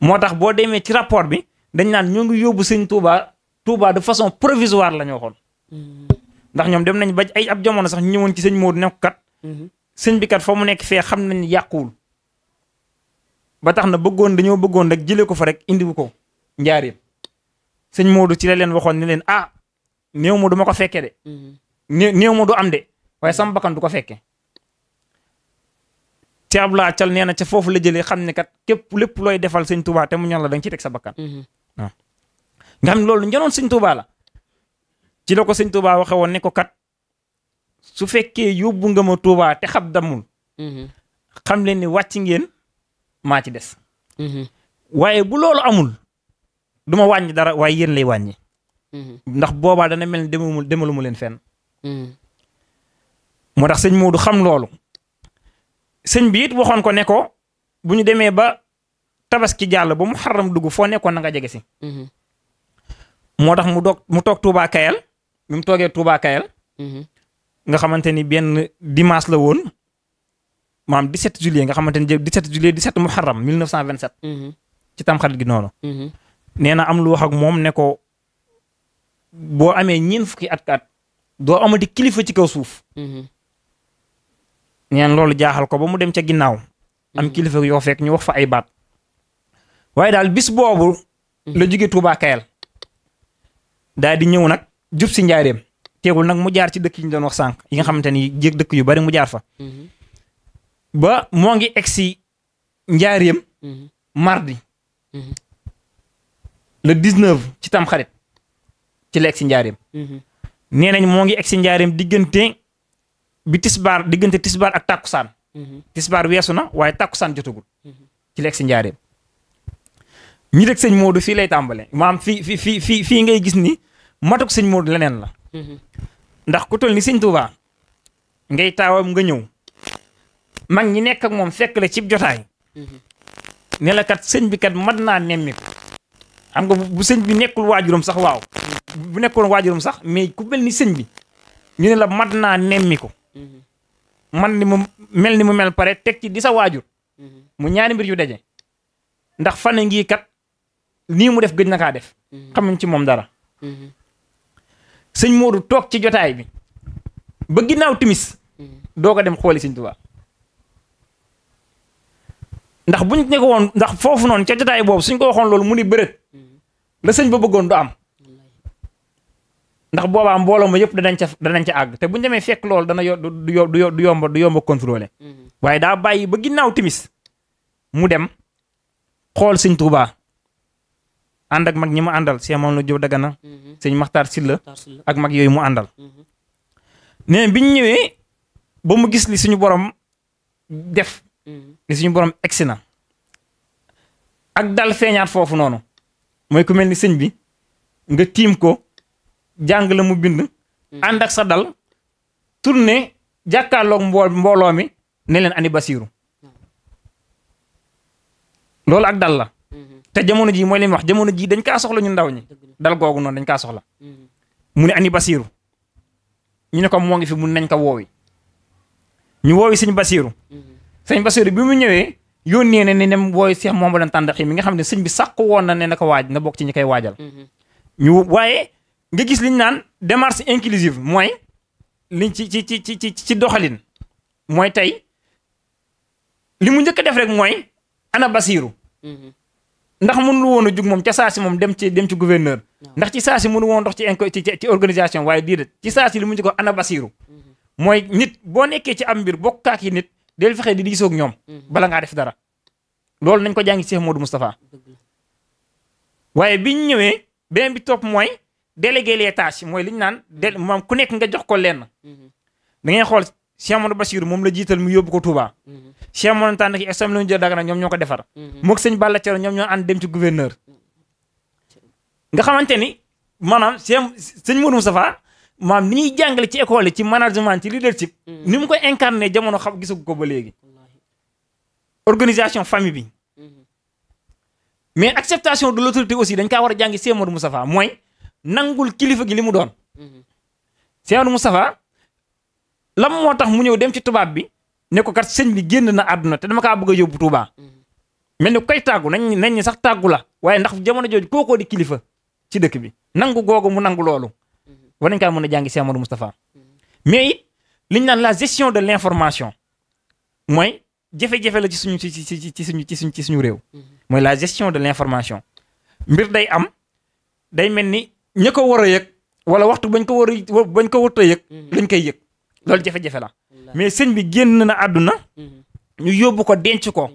moo tax boo demee ci rapport bi dañ naan ñoo ngi yóbbu sëñ Tuubaa Tuubaa de façon provisoire la ñu mm-hmm. ndax ñoom dem nañ ba ay ab jamono sax ñu ñëwoon ci sëñ Modou nekk kat. Mm-hmm. sëñ bi kat fa mu nekk fee xam nañ ne yàquwul ba tax na bëggoon dañoo bëggoon rek jëlee ko fa rek indiwu ko njaareem sëñ Modou ci la leen waxoon ne leen ah néew ma du ko fekkee de. néew ma du am de. waaye sama bakkan du ko fekke ci Abdoulaye Thial nee na ca foofu la jëlee xam ne kat képp lépp looy defal sëñ Touba te mu ñor la da ci ciy teg sa bakkan. Mhm. waaw nga xam ne loolu njënoon sëñ Touba la ci la ko sëñ Touba waxee woon ne ko kat su fekkee bu nga ma Touba te xab damul. Mhm. xam leen ni wàcc ngeen maa ci des. Mhm. waaye bu loolu amul du ma wàññi dara waaye yéen lay wàññi. ndax boobaa dana mel ni demalu mu leen fenn. moo tax sëñ du xam loolu sëñ bi it waxoon ko ne ko bu ñu demee ba tabaski jàll ba mu xaram dugg foo nekkoon na nga jege si. Mhm. moo tax mu doog mu toog Touba Kayal bi mu toogee Touba Kayal. Mhm. nga xamante ni benn dimanche la woon maam 17 juillet nga xamante ni 17 juillet 17 muharram 1927. Mhm. ci tamxarit gi noonu. nee na am lu wax ak moom ne ko boo amee ñeent fukki at kaat doo amati kilifa ci kaw suuf. neen loolu jaaxal ko ba mu dem ca ginnaaw am mhm. kilifa yoo fekk ñu wax fa ay baat waaye daal bis boobu mhm. la jóge Touba Kayal daal di ñëw nag jub si njaareem teegul nag mu jaar ci dëkk yi ñu wax sànq yi nga xamante ni jéeg dëkk yu bari mu jaar fa mhm. ba moo ngi egsi njaareem mardi le 19 ci tam xarit ci la egsi njaareem nee nañ moo ngi egsi njaareem diggante bi tisbaar diggante tisbaar ak tàkkusaan mhm. tisbaar weesu na waaye tàkkusaan jotagul mhm. ci leeg si njaareem ñi rek sëñ Modou fii lay tàmbale maam fii fi fi fii fii ngay gis ni matuk sëñ Modou leneen la mhm. ndax ku toll ni sëñ Touba ngay taawam nga ñëw mag ñi nekk ak moom fekk la cib jotaay ne kat sëñ bi kat mat naa nemmiku xam nga bu sëñ bi nekkul waajuram sax waaw bu nekkoon waajuram sax mais ku mel ni sëñ bi ñu ne la mat naa nemmiku man ni mu mel ni mu mel pare teg ci di sa waajur mu ñaari mbir yu daje ndax fan ngii kat nii mu def gëj na kaa def xamuñ ci moom dara sëñ Modou toog ci jotaay bi ba ginnaaw timis doo ko dem xooli sëñ Tuubaa ndax buñ ne woon ndax foofu noonu ca jotaay boobu suñ ko waxoon loolu mu ni bërët la sëñ ba bëggoon du am ndax boobaa mbooloo ma yëpp danañ ca danañ ca àgg te bu ñu demee fekk loolu dana yo du du yomb du yomb contrôler mm-hmm. waaye daa bàyyi ba ginnaaw timis mu dem xool sëñ Tuubaa ànd ak mag ñi mu àndal Cheikh Mamadou Diop Dagana mm-hmm. sëñ Maxtaar Silla ak mag yooyu mu àndal mm-hmm. nee biñ ñëwee ba mu gis li suñu borom def li suñu borom egsi na ak dal feeñaat foofu noonu mooy ku mel ni sëñ bi nga tiim ko jàng la mu bind. Mm-hmm. ànd ak sa dal tourné jàkkaarloog mbo mbooloo mi ne leen ani basiiru mm-hmm. loolu ak dal la. Mm-hmm. te jamono jii mooy li mu wax jamono jii dañ kaa soxla ñu ndaw ñi. dal googu noonu dañ kaa soxla. mu ne ani basiiru ñu ne ko moo ngi fi mun nañ ko woowi ñu woowi sëñ basiiru sëñ basiiru bi mu ñëwee yónnee ne ne nem woowi Seex Mamadu Anta Ndaxi mi nga xam ne sëñ bi sàkk woon na ne na ko waaj na bokk ci ñi koy waajal ñu waaye nga gis li ñu naan démarche inclusive mooy liñ ci ci ci ci ci doxalin mooy tey li mu njëkk def rek mooy ana Basiiru mm-hmm. ndax mun mënul woon a jug moom ca saa moom dem ci dem ci gouverneur ndax ci saa si mënu woon dox ci ci organisation waaye déedéet ci saa si li mu njëkk wax ana Basiiru mm-hmm. mooy nit boo nekkee ci am mbir bokkaak yi nit del fexe di diisoog ñoom mm-hmm. bala ngaa def dara loolu nañ ko jàngi Cheikh Modou Moustapha waaye biñ ñëwee beneen bi top mooy délégué les tâches mooy li ñu naan dé ku nekk nga jox ko lenn. da ngay xool Cheikh Amadou moom la jiital mu yóbbu ko Touba. Cheikh Amadou Tànn ki estam la ñu jël Dagana ñoom ñoo ko defar. moog sëñ Balla Thioro ñoom ñoo ànd dem ci nga xamante ni maanaam seen sëñ Mourou Moustapha maam ni ñuy jàngale ci école yi ci management ci leadership. ni mu ko incarné jamono xam gisagu ko ba léegi. organisation famille bi. Mm-hmm. mais acceptation de l' autorité aussi dañ kaa war a jàngi Cheikh Mourou Moustapha mooy. nangul kilifa gi li mu doon. Mhm. Seydou Moustapha lam moo tax mu ñëw dem ci tubaab bi nekko kat sëñ bi génn na àdduna te dama kaa bëgg a yóbbu Touba. Mhm. mel ni koy tàggu nañ nañ ñi sax tàggu la waaye ndax jamono jooju kookoo di kilifa ci dëkk bi nangu googu mu nangu loolu. Mhm. war nañ mun mën a jàngi Seydou Moustapha. mais it li ñu naan la gestion de l' information mooy jafe-jafe la ci suñu ci ci ci ci suñu ci suñu réew. mooy la gestion de l' information mbir day am day mel ni ñu ko war a yëg wala waxtu bañ ko war a bañ ko warut a yëg mhm. lañ koy yëg loolu jafe-jafe la mais sëñ bi génn na àdduna mhm. ñu yóbbu ko denc ko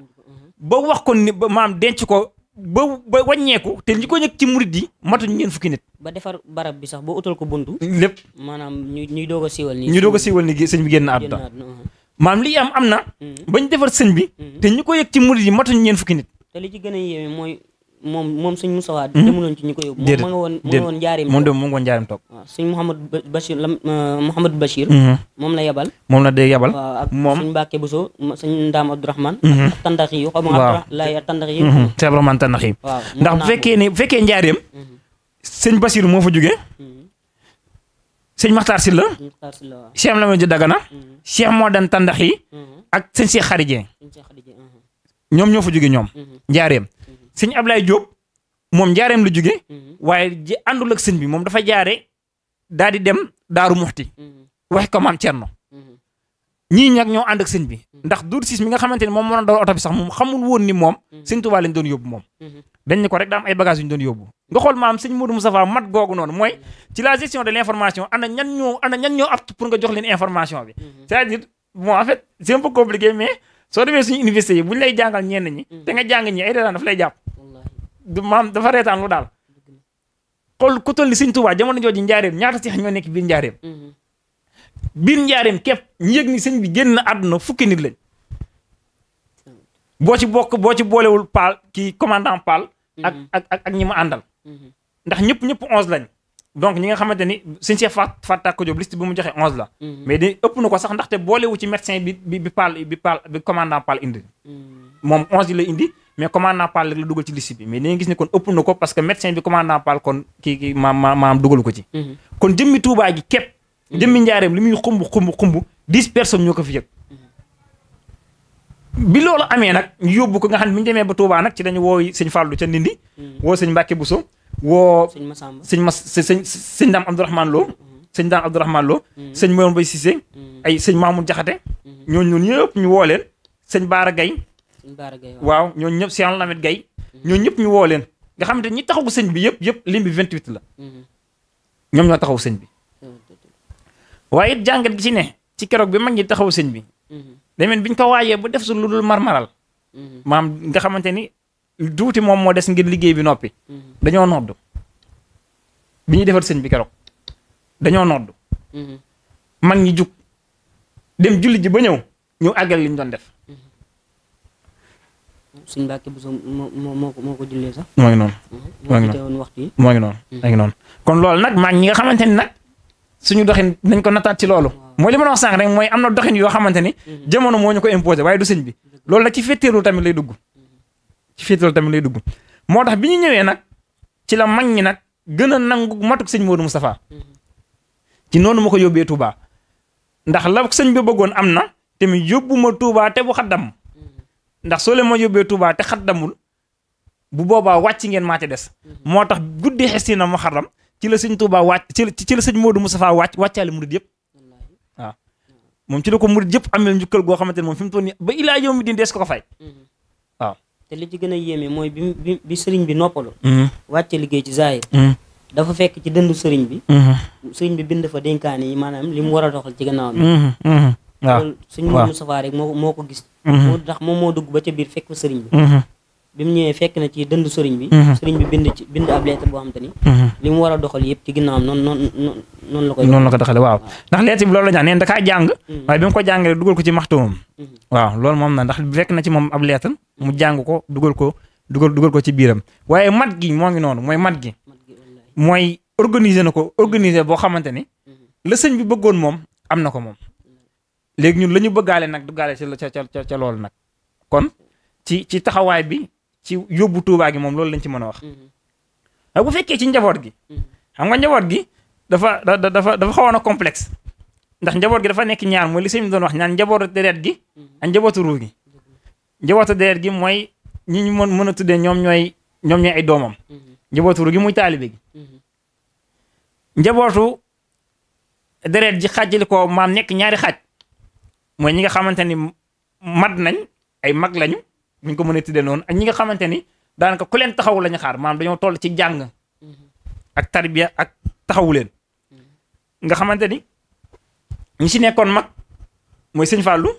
ba wax ko ni ba maam denc ko ba ba wàññeeku te ñi ko ñëkk ci murid yi matuñ ñeen fukki nit. ba defar barab bi sax ba utal ko buntu. lépp maanaam ñu ñuy doog a siiwal nii. ñu doog a siiwal nii sëñ bi génn na àdduna uh-huh. maam li am am na. Mhm. bañ defar sëñ bi. te ñu ko yëg ci murid yi matuñ ñeen fukki nit. te moom moom sëñ Moussa Wade hmm? demuloon ci ñi ko yóbbu moom ma nga woon ma nga woon njaarim moom de mu woon njaarim toog waaw sëñ Mouhamadou Bachir la euh, hmm. moom la yabal moom la dee yebal ak moom sëñ Mbacke Bousso sëñ Ndam Abdourahmane hmm. ak tandax yi xaw ma Abdoulaye tandax yi Cheikh ndax bu fekkee ne bu fekkee njaarim sëñ Bachir moo fa jógee sëñ Makhtar Sylla Cheikh Lamine Dagana Cheikh Modane tandax ak sëñ Cheikh Khary ñoom ñoo fa jógee ñoom njaarim sëñ Ablaye Diop moom njaareem lu jóge mhm. waaye ji àndul ak sëñ bi moom dafa jaare daal di dem daaru muxti mhm. wax ko maam Thierno mhm. ñii ñag ñoo ànd ak bi ndax duur siis mi nga xamante ni moom moo doon dawal oto bi sax moom xamul woon ni moom sëñ Tuubaa lañ doon moom dañ ni ko rek daa am ay bagages yu ñu doon yóbbu nga xool maam sëñ Modou Moustapha mat googu noonu mooy ci la gestion de l' information ana ñan ñoo ana ñan ñoo nga jox leen information bi c'est-à-dire m soo demee suñu université yi bu ñu lay jàngal ñenn ñi te jàng ñi ay daan daf lay jàpp du maam dafa reetaan lu daal xool ku toll Sëñ Tuubaa jamono jooju njaareem ñaata seex ñoo nekk biir njaareem mm-hmm. biir njaareem képp ñu yëg ni sëñ bi génn àdduna fukki nit lañ boo ci bokk boo ci boolewul paal kii commandant paal ak mm-hmm. ak ak ak ñi ma àndal mm-hmm. ndax ñëpp ñëpp onze lañ donc ñi nga xamante ni sëñ Cheikh Fat Fat Tàkko Diop liste bi mu joxe onze la mais di ëpp na ko sax ndaxte boolewu ci médecin bi bi bi paal bi paal paal indi moom onze yi la indi mais commande napal rek la dugal ci liste bi mais dañuy gis ne kon ëpp na ko parce que médecin bi commande napal kon kii kii maam maam dugalu ko ci. Mhm. kon jëmmi Touba gi képp. Mhm. jëmmi njaareem li muy xumb xumb xumb dix personnes ñoo ko fi yëg. Mhm. bi loolu amee nag ñu yóbbu ko nga xam ne bi ñu demee ba Touba nag ci dañu woo sëñ Fallou ca Ndindi. woo sëñ Mbacke Bousso. woo sëñ Massamba sëñ Mas sëñ sëñ Dame Abdourahmane Lo. sëñ Dame Abdourahmane Lo. sëñ Moyon Bay Cissé. ay sëñ Mamour Diakhaté. ñooñu ñu woo leen. sëñ Baara gay waaw ñooñu ñëpp Cheikh Lamine Gueye mm-hmm. ñooñu ñëpp ñu woo leen nga xam ne ñi taxawu sëñ bi yëpp yëpp lim bi 28 la mm-hmm. ñoom ñoo taxawu sëñ bi mm-hmm. waaye it jàngat gi ci ne ci keroog bi mag ñi taxawu sëñ bi demeen biñ ko waajee ba def su lu dul marmaral maam nga xamante ni duuti moom moo des ngir liggéey bi noppi dañoo nodd bi ñuy defar sëñ bi keroog dañoo nodd mag ñi jug dem julli ba ñëw ñu àggal liñ doon def suñ Mbàkke Buso moo ko moo ko jullee sax. maa ngi noonu maa ngi noonu waxtu yi maa ngi noonu maa ngi noonu kon loolu nag maa ngi nga xamante ni nag suñu doxin nañ ko nattaat ci loolu mooy li ma wax sànq rek mooy am na doxin yoo xamante ni mm-hmm. jamono moo ñu ko imposé waaye du sëñ bi loolu nag ci féeteerlu tamit lay dugg mm-hmm. ci féeteerlu dugg moo tax bi ñu ñëwee nag ci la mag ñi nag gën a nangu matuk sëñ Modou Moustapha mm-hmm. ci noonu moo ko yóbbee Touba ndax la sëñ bi bëggoon am na tamit yóbbu ma Touba te bu xaddam ndax soo leen ma yóbbee Touba te xat damul bu boobaa wàcc ngeen maa ca des. Mhm. moo tax guddi xessi na Muharram ci la sëñ Touba wàcc ci la ci la sëñ Modou Moustapha wàcc wàccaale murid yëpp waaw moom ci la ko murid yëpp amee njukkal goo xamante ne moom fi mu toll nii ba ilaa yow di des ko ko fay. Mhm. te li ci gën a yéeme mooy bi bi bi sëriñ bi noppalu. Mhm. wàcce liggéey ci Zahir. dafa fekk ci dëndu sëriñ bi. sëriñ bi bind fa dénkaan yi maanaam li mu war a doxal ci gannaaw bi. waaw waaw loolu sëñ Modou Moustapha ko moo ko gis. Mhm. moo tax moom moo dugg ba ca biir fekk fa sëriñ bi mhm. bi mu ñëwee fekk na ci dënd sëriñ bi mhm. sëriñ bi bind ci bind ab lettre boo xam li mu war a doxal yëpp ci ginnaawam noonu noonu noonu la koy noonu la ko doxale waaw ndax lettre bi loolu la ñaan kaa jàng waaye mu ko jàngee dugal ko ci maxtumam waaw loolu moom na ndax fekk na ci moom ab lettre mu jàng ko dugal ko dugal dugal ko ci biiram waaye mat gi moo ngi noonu mooy mat gi mooy organiser na ko organiser boo xamante ni la sëñ bi bëggoon moom am na ko moom léegi ñun la ñu bëggaale nag duggaale ci ca ca ca loolu nag kon ci ci taxawaay bi ci yóbbu Tuubaa gi moom loolu lañ ci mën a wax. Mm-hmm. waaye bu fekkee ci njaboot gi. Mm-hmm. xam nga njaboot gi dafa da dafa dafa xawoon complexe. ndax njaboot gi dafa nekk ñaar mooy li sëñ bi doon wax ñaar njabootu deret gi. Mm-hmm. ak njabootu ruux gi. njabootu deret gi mooy ñi ñu mën mën a tuddee ñoom ñooy ñoom ñooy ay doomam. njabootu ruux gi muy taalibe gi. njabootu deret ji xaajale ko maam nekk ñaari xaaj. mooy ñi nga xamante ni mat nañ ay mag lañu ñu ko mën a tuddee noonu ak ñi nga xamante ni daanaka ku leen taxaw lañu xaar maanaam dañoo toll ci jàng ak tarbiya ak taxawu leen nga xamante ni ñi ci nekkoon mag mooy sëñ Fallou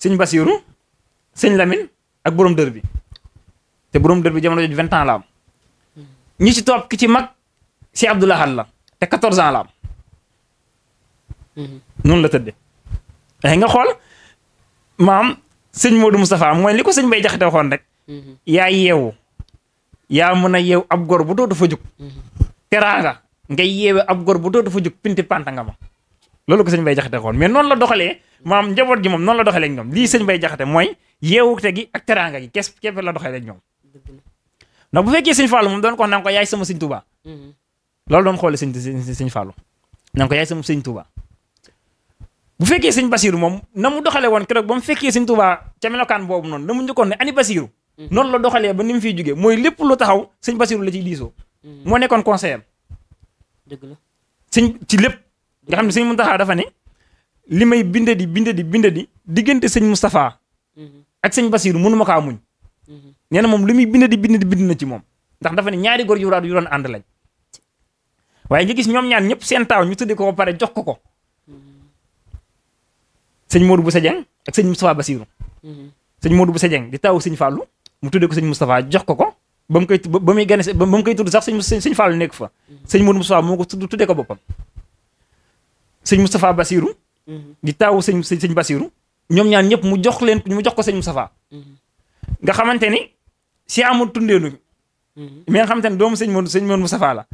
sëñ Basiiru sëñ Lamine ak borom dër bi te borom dër bi jamono jooju vingt ans la am ñi ci topp ki ci mag si Abdoulaye la te quatorze ans la am la tëdde da eh, nga xool maam sëñ Modou Moustapha mooy li ko sëñ Bay Jaxate waxoon rek. Mhm. yaay yeewu yaa mën a yeew ab gor bu doo dafa jug. Mhm. teraanga ngay yeewe ab gor bu doo dafa jug pinti panta nga ma loolu ko sëñ Bay Jaxate waxoon mais noonu la doxalee maam njaboot ji moom noonu la doxalee ñoom lii sëñ Bay Jaxate mooy yeewute gi ak teraanga gi kes képp la doxalee ak ñoom. na bu fekkee sëñ Fallou moom doon ko wax naan ko yaay sama sëñ Touba. Mhm. loolu doon xoole sëñ sëñ Fallou naan ko yaay sama sëñ Touba. bu fekkee sëñ Basiiru moom na mu doxalee woon keroog ba mu fekkee sëñ Tuubaa ca melokaan boobu noonu na mu njëkkoon ne ani Basiiru mhm. noonu la doxalee ba ni mu fiy jógee mooy lépp lu taxaw sëñ Basiiru la ciy diisoo mhm. moo nekkoon conseil am dëgg ci lépp nga xam ne sëñ Muntaxaa dafa ne li may binde di binde di binde di diggante sëñ Moustapha mhm. ak sëñ Basiiru mënuma kaa muñ nee moom li muy binde di binde di bind na ci moom ndax dafa ne ñaari gor yu raadu yu doon ànd lañ waaye nga gis ñoom ñaan ñëpp seen taaw ñu tudde pare jox ko ko sëñ Modou Boussa Dieng ak sëñ Moustapha Bassirou. Mhm. sëñ Modou Boussa Dieng di taw sëñ Fallou mu tuddee ko sëñ Moustapha jox ko ko ba mu koy ba muy gane ba mu koy tudd sax sëñ sëñ Fallou nekk fa. Mhm. sëñ Modou Moustapha moo ko tudd tuddee ko boppam. sëñ Moustapha Bassirou. Mhm. di taw sëñ sëñ Bassirou ñoom ñaan ñëpp mu jox leen mu jox ko sëñ Moustapha. nga xamante ni si amul tundeenu mi nga xamante ne doomu sëñ Modou sëñ Modou Moustapha la.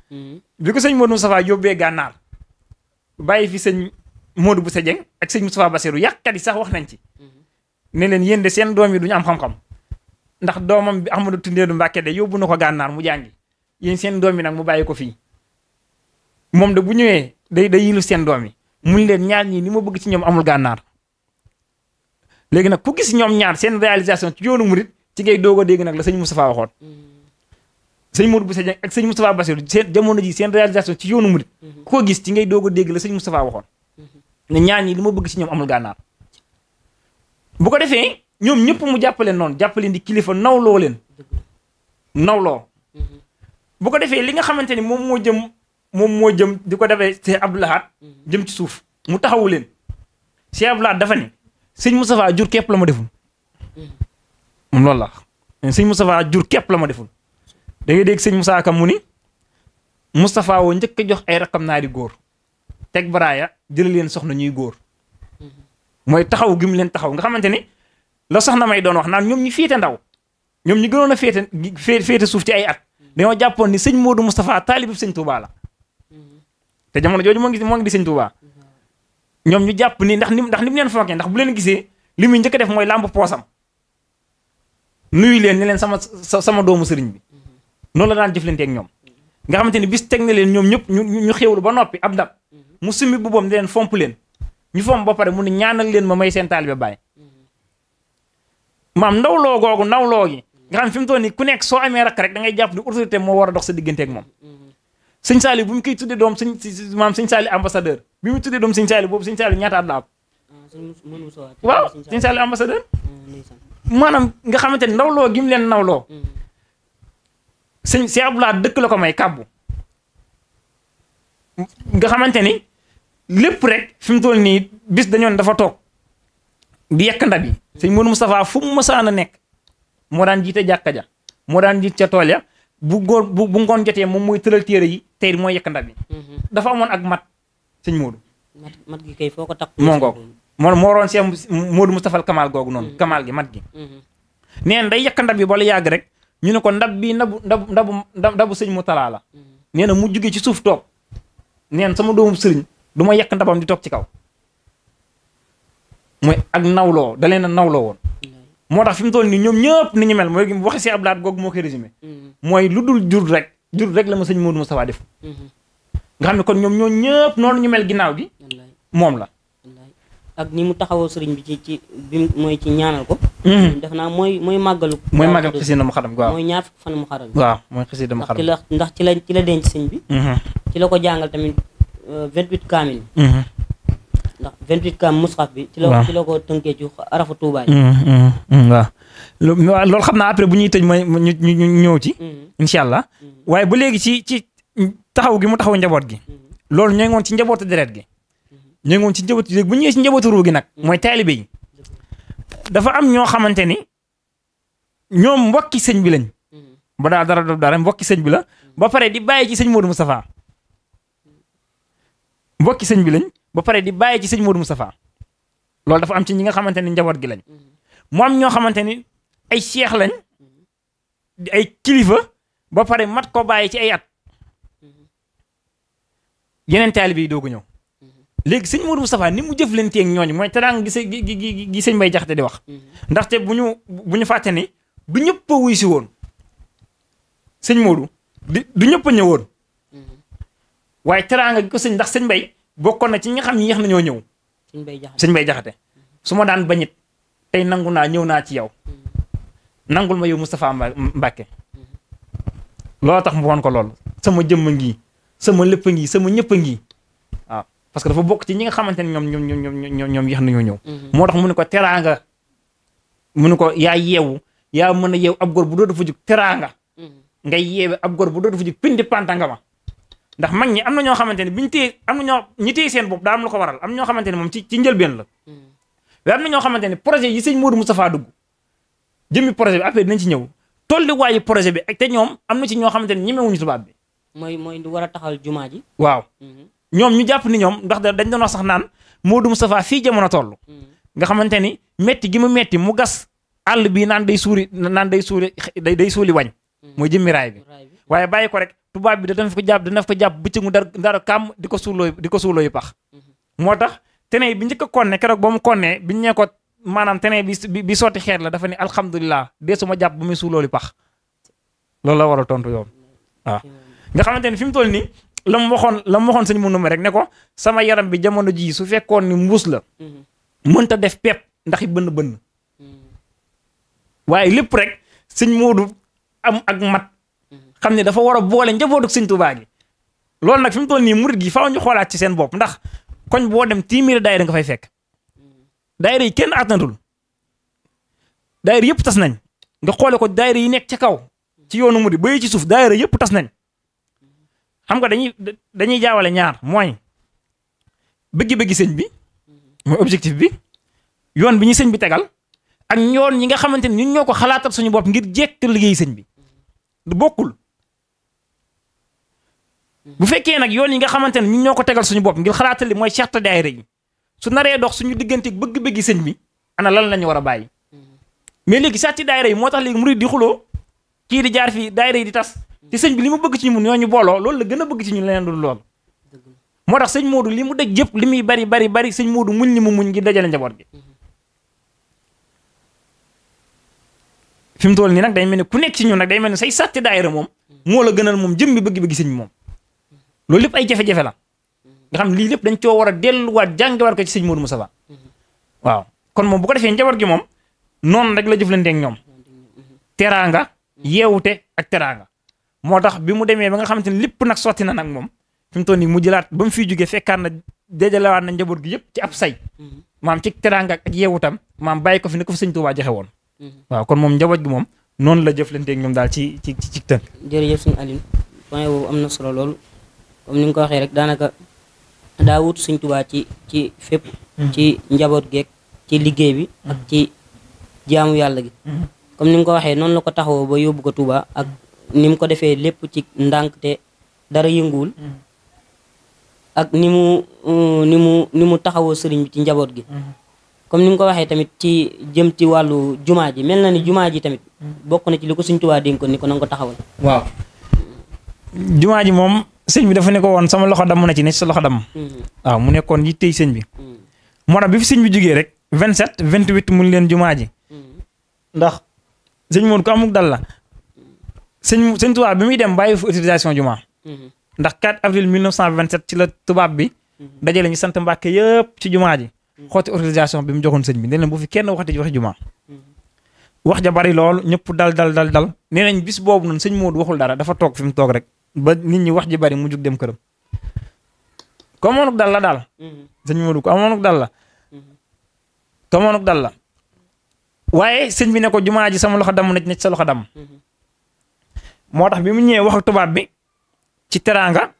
bi ko sëñ Modou Moustapha yóbbee gànnaar bàyyi fi sëñ. Modou Bousso Dieng ak sëñ Moustapha Bassirou yàqkat yi sax wax nañ ci ne leen yéen seen doom yi duñu am xam-xam ndax doomam bi Amadou Tindéedu Mbàkke de yóbbu na ko gànnaar mu jàngi yéen seen doom yi nag mu bàyyi ko fii moom de bu ñëwee day day yilu seen doom yi mun leen ñaar ñi ni ma bëgg ci ñoom amul gànnaar léegi nag ku gis ñoom ñaar seen réalisation ci yoonu murit ci ngay doog a dégg nag la sëñ Moustapha waxoon sëñ Modou Bousso Dieng ak sëñ Moustapha Bassirou seen jamono ci yoonu murit mm-hmm. ku gis ci ngay doog a dégg la sëñ Moustapha waxoon ne ñaan ñi li ma bëgg ci ñoom amul gànnaar bu ko defee ñoom ñëpp mu jàppale noonu jàppale di kilifa nawloo leen nawloo bu ko defee li nga xamante ni moom moo jëm moom moo jëm di ko defee Cheikh Abdou jëm ci suuf mu taxawu leen Cheikh Abdou Lahad dafa ne sëñ Moustapha jur képp la ma deful moom loolu la sëñ Moustapha jur képp la ma deful da ngay sëñ Moussa mu ni Moustapha woo njëkk jox ay rakam naari góor teg baraaya jël leen soxna ñuy góor mooy taxaw gi leen taxaw nga xamante ni la soxna may doon wax naan ñoom ñu féete ndaw ñoom ñu gënoon a féete féete suuf ci ay at dañoo jàppoon ni sëñ Modou Moustapha taalib sëñ Touba la te jamono jooju moo ngi moo ngi di sëñ ñu jàpp ni ndax ni ndax ni mu leen fonkee ndax bu leen gisee li muy njëkk a def mooy làmb poosam nuyu leen ne leen sama sama doomu sëriñ bi noonu la daan jëflante ak ñoom nga xamante ni bis teg na leen ñoom ñëpp ñu ñu ba noppi ab ndab mu summi bubam di leen fomp leen ñu fomp ba pare mu ne ñaanal leen ma may seen taalibe baay maam ndaw loo googu naw loo gi nga xam fi mu toll nii ku nekk soo amee rakk rek da ngay jàpp ni autorité moo war dox sa diggante moom sëñ Saali bu mu koy tuddee doom sëñ maam sëñ Saali ambassadeur bi mu tuddee doom sëñ Saali boobu sëñ Saali ñaata at la am waaw sëñ Saali ambassadeur maanaam nga xamante ne ndaw loo gi mu leen nawloo mm. sëñ si Abdoulaye dëkk la ko may kàbbu nga xamante ni lépp rek fi mu toll nii bis dañoon dafa toog di yekk ndab sëñ Modou Moustapha fu mu mësaan a nekk moo daan jiite jàkka ja moo daan jiit ca tool ya bu góor bu ngoon jotee moom mooy tëral téere yi tey mooy yekk ndab mm-hmm. dafa amoon ak mat sëñ Modou mat mat gi kay foo ko takk moo ngoog moo moo roon seen Modou noonu mm-hmm. Kamal gi mat gi mm-hmm. neen day yekk ndab yi ba yàgg rek ñu ne ko ndab bi ndabu ndabu ndabu ndabu sëñ mu talaa la nee mu jugee ci suuf toog neen sama doomu sëriñ du ma yekk ndabam di toog ci kaw mooy ak nawloo dalee na a nawloo woon mm-hmm. moo tax fi mu toll nii ñoom ñëpp ni ñu mel mooy waxe si laat goog moo koy résumé mm-hmm. mooy lu dul jur rek jur rek la ma sëñ Modou Moustapha def mm-hmm. nga xam ne kon ñoom ñoo ñëpp noonu ñu mel ginnaaw gi moom la ak ni mu taxawoo sëriñ bi ci ci bi mooy ci ñaanal ko. Mhm. def naa mooy mooy màggalu. mooy màggal xasida mu xaram waaw ñaar fukki fan mu xaram. waaw mooy xasida mu xaram ndax ndax ci la ci la denc sëñ bi. Mhm. ci la ko jàngal tamit 28 euh, kaamil. Mhm. ndax 28 kaam bi. ci la ci la ko tënkee ci arafu Tuubaa yi. waaw loolu xam naa après bu ñuy tëj ma ñu ñu ñëw ci. incha allah waaye ba léegi ci ci taxaw gi mu taxaw njaboot gi. loolu ñoo ngi ci njabootu deret gi. ñoo ngi woon ci njabootu léegi bu ñëwee ci njabootu gi nag mooy taalibe yi dafa am ñoo xamante ni ñoom mbokki sëñ bi lañ ba daal dara dara mbokki sëñ bi la ba pare di bàyyi ci sëñ Modou Moustapha mbokki sëñ bi lañ ba pare di bàyyi ci sëñ Modou Moustapha loolu dafa am ci ñi nga xamante ni njaboot gi lañ mu am ñoo xamante ni ay seex lañ di ay kilifa ba pare mat ko bàyyi ci ay at yeneen taalibe yi doogu ñëw léegi sëñ Modou Moustapha ni mu jëflante ak ñooñu mooy teraanga gi gi gi gi sëñ Mbay Jaxate di wax. Mhm. ndaxte bu ñu bu ñu fàtte ni du ñëpp a wuy si woon sëñ Modou du ñëpp a ñëwoon mhm. waaye teraanga gi ko sëñ ndax sëñ Mbay bokkoon na ci ñi nga xam ne yéex nañoo ñëw. sëñ Mbay Jaxate sëñ Mbay Jaxate su ma daan bañit tey nangu naa ñëw naa ci yow mhm. nangul ma yow Moustapha Mbacke looloo tax mu won ko lool sama jëmm ngi sama lépp ngi sama ñëpp ngi. parce que dafa bokk ci ñi nga xamante ne ñoom ñoom ñoom ñoom yéex mhm. moo tax mu ne ko teraanga mu ne ko yaa yeewu yaa mën a yeewu ab góor bu doo dafa jug teraanga. Mhm. ngay yeewe ab góor bu doo dafa jug pindi pantanga ma ndax mag ñi am na ñoo xamante ne ñu te am na ñoo ñi téye seen bopp daa am lu ko waral am na ñoo xamante ne moom ci ci njëlbeen la. Mhm. mais am na ñoo xamante ne projet yi sëñ Modou Moustapha dugg jëmmi projet bi après dinañ ñëw tolluwaayu projet bi ak te ñoom am na ci ñoo xamante ne ñemewuñu tubaab bi. mooy mooy lu war a taxawal jumaa ji. waaw ñoom ñu jàpp ni ñoom ndax dañ doon wax sax naan Modou Moustapha fii jamono toll. Mm. nga xamante ni metti gi mu metti mu gas àll bi naan day suuri naan day suuri day day suuli wañ. Mm. mooy jëmmi raay bi waaye bàyyi ko rek tubaab bi da fi ko jàpp dana fi ko jàpp bëccëgu ndar ndar kàmm di ko suuloo di ko suuloo pax. Mm-hmm. moo tax tenee bi njëkk a konne keroog ba mu konnee biñ ne ko maanaam tenee bi bi sotti xeet la dafa ne alhamdulilah dee su ma jàpp ba muy suuloo yu pax loolu la war a tontu yoon mm. nga xamante ni fi mu toll la mu waxoon la mu waxoon sëñ mu rek ne ko sama yaram bi jamono jii su fekkoon ni mbuus la mhm. mënta def pepp ndax i bënn bënn mhm. waaye lépp rek sëñ Moodu am ak mat mhm. xam ne dafa war a boole njabootu sëñ Tuubaa gi loolu nag fi mu toll nii murit gi faaw ñu xoolaat ci seen bopp ndax koñ boo dem téeméeri daayira nga fay fekk daayira yi kenn attantul daayira yëpp tas nañ nga xoole ko daayira yi nekk ci kaw ci yoonu mu di bay ci suuf daayira yëpp tas nañ xam nga dañuy dañuy jaawale ñaar mooy bëgg-bëgg sëñ bi mooy objectif bi yoon bi ñu sëñ bi tegal ak yoon ñi nga xamante ni ñun ñoo ko xalaatal suñu bopp ngir jekk liggéey sëñ bi bokkul bu fekkee yoon yi nga xamante ne ñun ñoo ko tegal suñu bopp ngir xalaatal li mooy charte daayira yi su naree dox suñu diggante bëgg-bëggi sëñ bi ana lan lañu war a bàyyi mm-hmm. mais léegi charte daayira yi moo tax léegi murid di xuloo kii di jaar fii daayira yi di tas te sëñ li mu bëgg ci ñun ñooñu booloo lool la gën a bëgg ci ñun leneen dul loolu moo tax sëñ Modou li mu daj yëpp li muy bari bari bari sëñ Modou muñ li mu muñ ngi dajale njaboot gi fi mu toll nag day mel ni ku nekk ci ñun nag day mel ni say sàtti daayira moom moo la gënal moom jëm bi bëgg-bëgg sëñ bi moom loolu lépp ay jafe-jafe la nga xam lii lépp dañ coo war a delluwaat jàngewaat ko ci sëñ Modou Moustapha waaw kon moom bu ko defee njaboot gi moom noonu rek la jëflanteeg ñoom teraanga yeewute ak teraanga moo tax bi mu demee ba nga xamante ni lépp nag sotti na nag moom fi mu toll nii mu jëlaat ba mu fiy jógee fekkaat na dajalewaat na njaboot gi yëpp ci ab say mm-hmm. maam ci teraanga ak yeewutam maam bàyyi ko fi ne ko fi sëñ woon mm-hmm. waaw kon moom njaboot gi moom noonu la jëflanteeg ñoom daal ci ci ci tënk jërëjëf sëñ Alioune point boobu am na solo loolu comme ni ko waxee rek daanaka daa wut sëñ Tuubaa ci ci fépp mm-hmm. ci njaboot geeg ci liggéey bi ak ci jaamu yàlla gi la ko taxawoo ba yóbbu ko Tuubaa ni mu ko defee lépp ci ndànk te dara yënguwul mm-hmm. ak ni mu euh, ni mu ni mu taxawoo sëriñ bi ci njaboot gi mm-hmm. comme ni mu ko waxee tamit ci jëm ci wàllu jumaa ji mel na ni jumaa ji tamit mm-hmm. bokk na ci li ko sëñ Tuubaa dénkoon ni ko taxawal waaw ji moom sëñ bi dafa ne woon sama loxo damm na ci ne sa loxo damm waaw mu nekkoon yi tey sëñ bi moo tax bi fi sëñ bi jógee rek vingt sept vingt huit mun leen jumaa ji ndax sëñ moon ko amuk dal la sëñ sëñ tubaab bi muy dem bàyyi fa utilisation jumaa mhm. ndax 4 avril 1927 ci la tubaab bi mhm. dajale ñu sant Mbàkke yëpp ci jumaa ji mhm. xooti autorisation bi mu joxoon sëñ bi nee nañ bu fi kenn waxati ji waxi jumaa wax ja bari lool ñëpp dal dal dal dal nee nañ bis boobu noonu sëñ Moodu waxul dara dafa toog fi mu toog rek ba nit ñi wax ji bari mu jug dem këram ko amoonuk dal la daal sëñ Moodu ko amoonuk dal la ko amoonuk dal la waaye sëñ bi ne ko jumaa ji sama loxo damm na nekk sa loxo damm moo tax bi mu ñëwee wax ak tubaab bi ci teraanga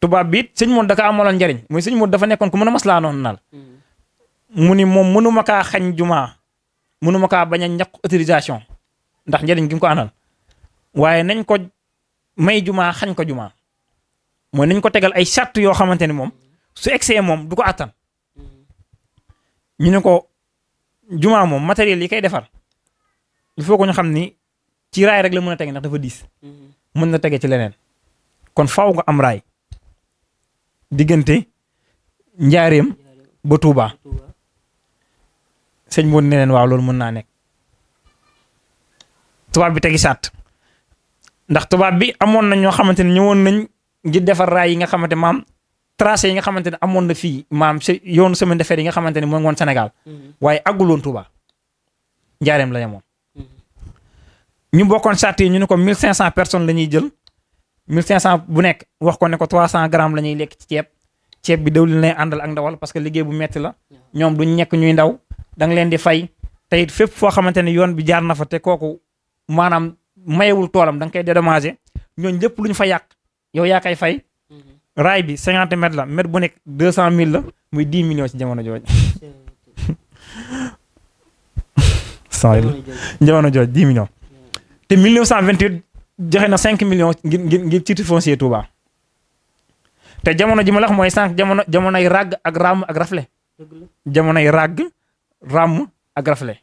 tubaab bi it sëñ Modou da kaa amaloon njariñ mooy sëñ Modou dafa nekkoon ku mën a maslaa noonu mm. mu ni moom mënuma kaa xañ jumaa mënuma kaa bañ a ñàkk autorisation ndax njariñ gi mu ko anal waaye nañ ko may jumaa xañ ko jumaa mooy nañ ko tegal ay charte yoo xamante ni moom su excès moom du ko attan mm. ñu ne ko jumaa moom matériel yi koy defar il faut que xam ni ci raay rek la mën a tege ndax dafa diis. Mm-hmm. mën na tege ci leneen. kon faw nga am raay diggante njaareem ba Touba sëñ Mbodj ne leen waaw loolu mën naa nekk. tubaab bi tegi saat ndax tubaab bi amoon na ñoo xamante ne ñëwoon nañ ngir defar raay yi nga xamante maam tracé yi nga xamante ne amoon na fii maam yoonu semaine defer yi nga xamante ne moo ngoon Sénégal mm-hmm. waaye àgguloon Touba njaareem la yemoon. ñu bokkoon charte ñu ne ko 1500 personnes la ñuy jël 1500 bu nekk wax ko ne ko cent gramme la ñuy lekk ci ceeb ceeb bi dawlin lay àndal ak ndawal parce que liggéey bu metti la ñoom duñ nekk ñuy ndaw danga leen di fay te it fépp foo xamante ne yoon bi jaar na fa te kooku maanaam mayewul toolam da nga koy dédommager ñooñu lépp lu ñu fa yàq yow yaa koy fay. raay bi 50 mètres la mètre bu nekk 200000 la muy 10 millions ci jamono jooju. jamono jooju 10 millions. te 1928 joxe na 5 millions ngir ngir ngir titre foncier Touba te jamono ji ma la mooy sànq jamono jamonoy ràgg ak ràmm ak rafle. jamonoy ràgg ràmm ak rafle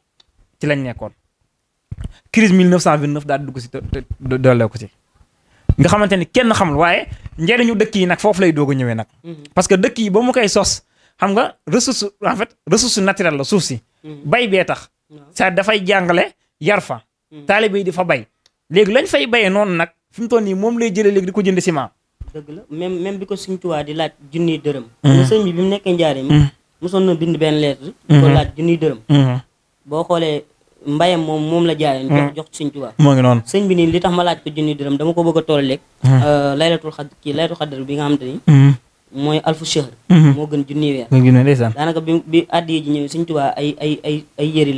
ci lañ nekkoon. crise 1929 daal di dugg si te doole ko si. nga xamante ni kenn xamul waaye njëriñu dëkk yi nag foofu lay doog a ñëwee nag. Mhm. parce que dëkk yi ba mu koy sos xam nga ressource en fait ressource naturelle la suuf si. Mhm. bay bee tax. sa dafay jàngale yar fa. Mm-hmm. taalibe yi di fa bay léegi lañ fay bayee noonu nag fi mu toll nii moom lay jëlee léegi di ko jënd ciment dëgg la même même bi ko Sëñ Tuubaa di laaj junniy dërëm mm-hmm. sëñ bi bi mu nekkee njaareem mm-hmm. mosoon na bind benn lettre di ko laaj boo xoolee mbayam moom moom la jaayoon jox jox Sëñ Tuubaa moo ngi noonu sëñ bi nii li tax ma laaj ko junniy dërëm dama ko bëgga a toll leeg euh, laylatul xad kii laylatul xadar bi nga xam te ni mooy alfu shahr mhm. moo gën junni weer daanaka bi bi addiye ji ñëwee Sëñ Tuubaa ay ay ay ay yëri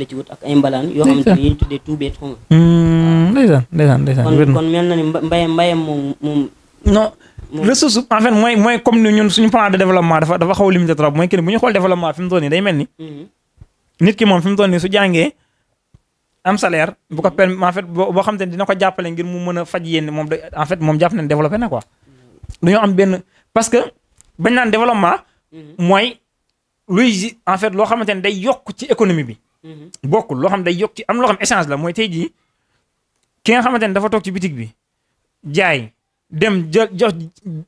la mooy mooy comme ni ñun suñu plan de développement dafa dafa xaw limité trop mooy que bu ñu xool développement fi mu day mel ni mhm. nit ki moom fi mu toll nii su jàngee am salaire bu ko mhm. permettre en fait boo xam te ne dina ko jàppale ngir mu mën a faj yéen moom en fait moom jàpp nañ développé am benn parce que bañ naan développement. Mhm. mooy luy en fait loo xamante ne day yokk ci économie bi. Mhm. bokkul loo xam day yokk ci am loo échange la mooy tey jii ki nga xamante ne dafa toog ci bitig bi jaay dem jë jox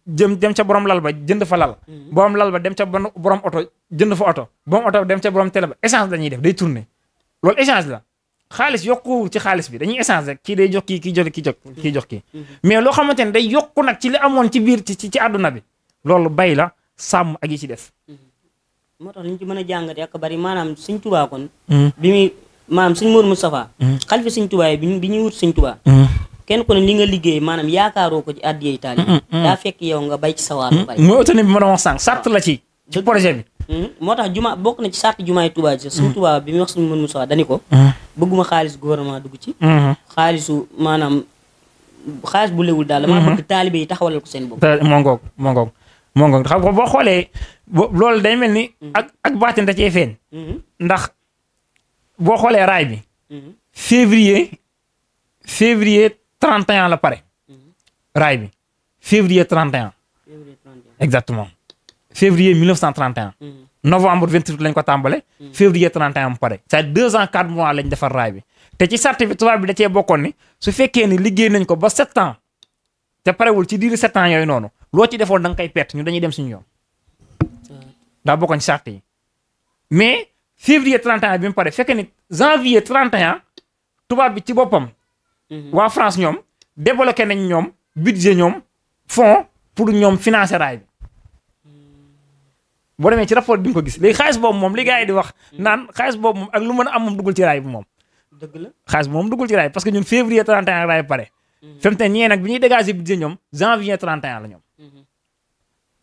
jëm ca borom lal ba jënd fa lal. Mhm. borom lal dem ca borom oto jënd fa oto. borom oto dem ca borom télé ba la ñuy def day tourner loolu échange la. xaalis yokku ci xaalis bi dañuy échange kii day jox kii kii jox kii jox kii jox kii mais loo xamante ne day yokku nag ci li amoon ci biir ci ci àdduna bi loolu bay la sàmm ak yi ci des. Mm-hmm. moo tax li ci mën a jàngatee ak bari maanaam sëñ Tuubaa kon. Mm-hmm. bi muy maanaam sëñ Mour Moustapha. Mm-hmm. xalifa sëñ Tuubaa bi bi ñuy wut sëñ Tuubaa. kenn ku ne li nga liggéey maanaam yaakaaroo ko ci àddiyay taali. daa fekk yow nga bay ci sawaar bu bari. mooy sànq sart la ci. ci bi. moo tax jumaa bokk na ci sart jumaay Tuubaa ji. sëñ bi muy wax sëñ Mour Moustapha dani ko. bëgguma xaalis gouvernement dugg ci. xaalisu maanaam xaalis bu lewul daal. dama bëgg taalibe yi taxawalal ko seen bopp. moo moo ngoog xam nga boo xoolee loolu day mel ni. Mhm. ak ak baatin da cee feeñ. Mhm. ndax boo xoolee raay bi. Mhm. février février 31 la pare. raay bi février 31. exactement février 1931. novembre 28 lañ ko tàmbale. février 31 mu pare. c'est-à-dire deux ans quatre mois lañ defar raay bi te ci charte bi tubaab bi da cee bokkoon ni su fekkee ni liggéey nañ ko ba sept ans te parewul ci diir sept ans yooyu noonu. loo ci defoon da nga koy perte ñu dañuy dem suñu yoon ndax bokkoon ci sart yi mais février 31 bi mu pare fekkee ni janvier 31 tubaab bi ci boppam. Mhm. waa France ñoom débloqué nañ ñoom budget ñoom fonds pour ñoom financer raay bi. boo demee ci rapport bi nga ko gis léegi xaalis boobu moom li gars yi di wax mhm. naan xaalis boobu moom ak lu mën a am moom duggul ci raay bi moom. dëgg la xaalis bi moom duggul ci raay parce que ñun février 31 raay pare. Mhm. fi mu ne ñee nag bi ñuy dégager budget ñoom janvier 31 la ñoom.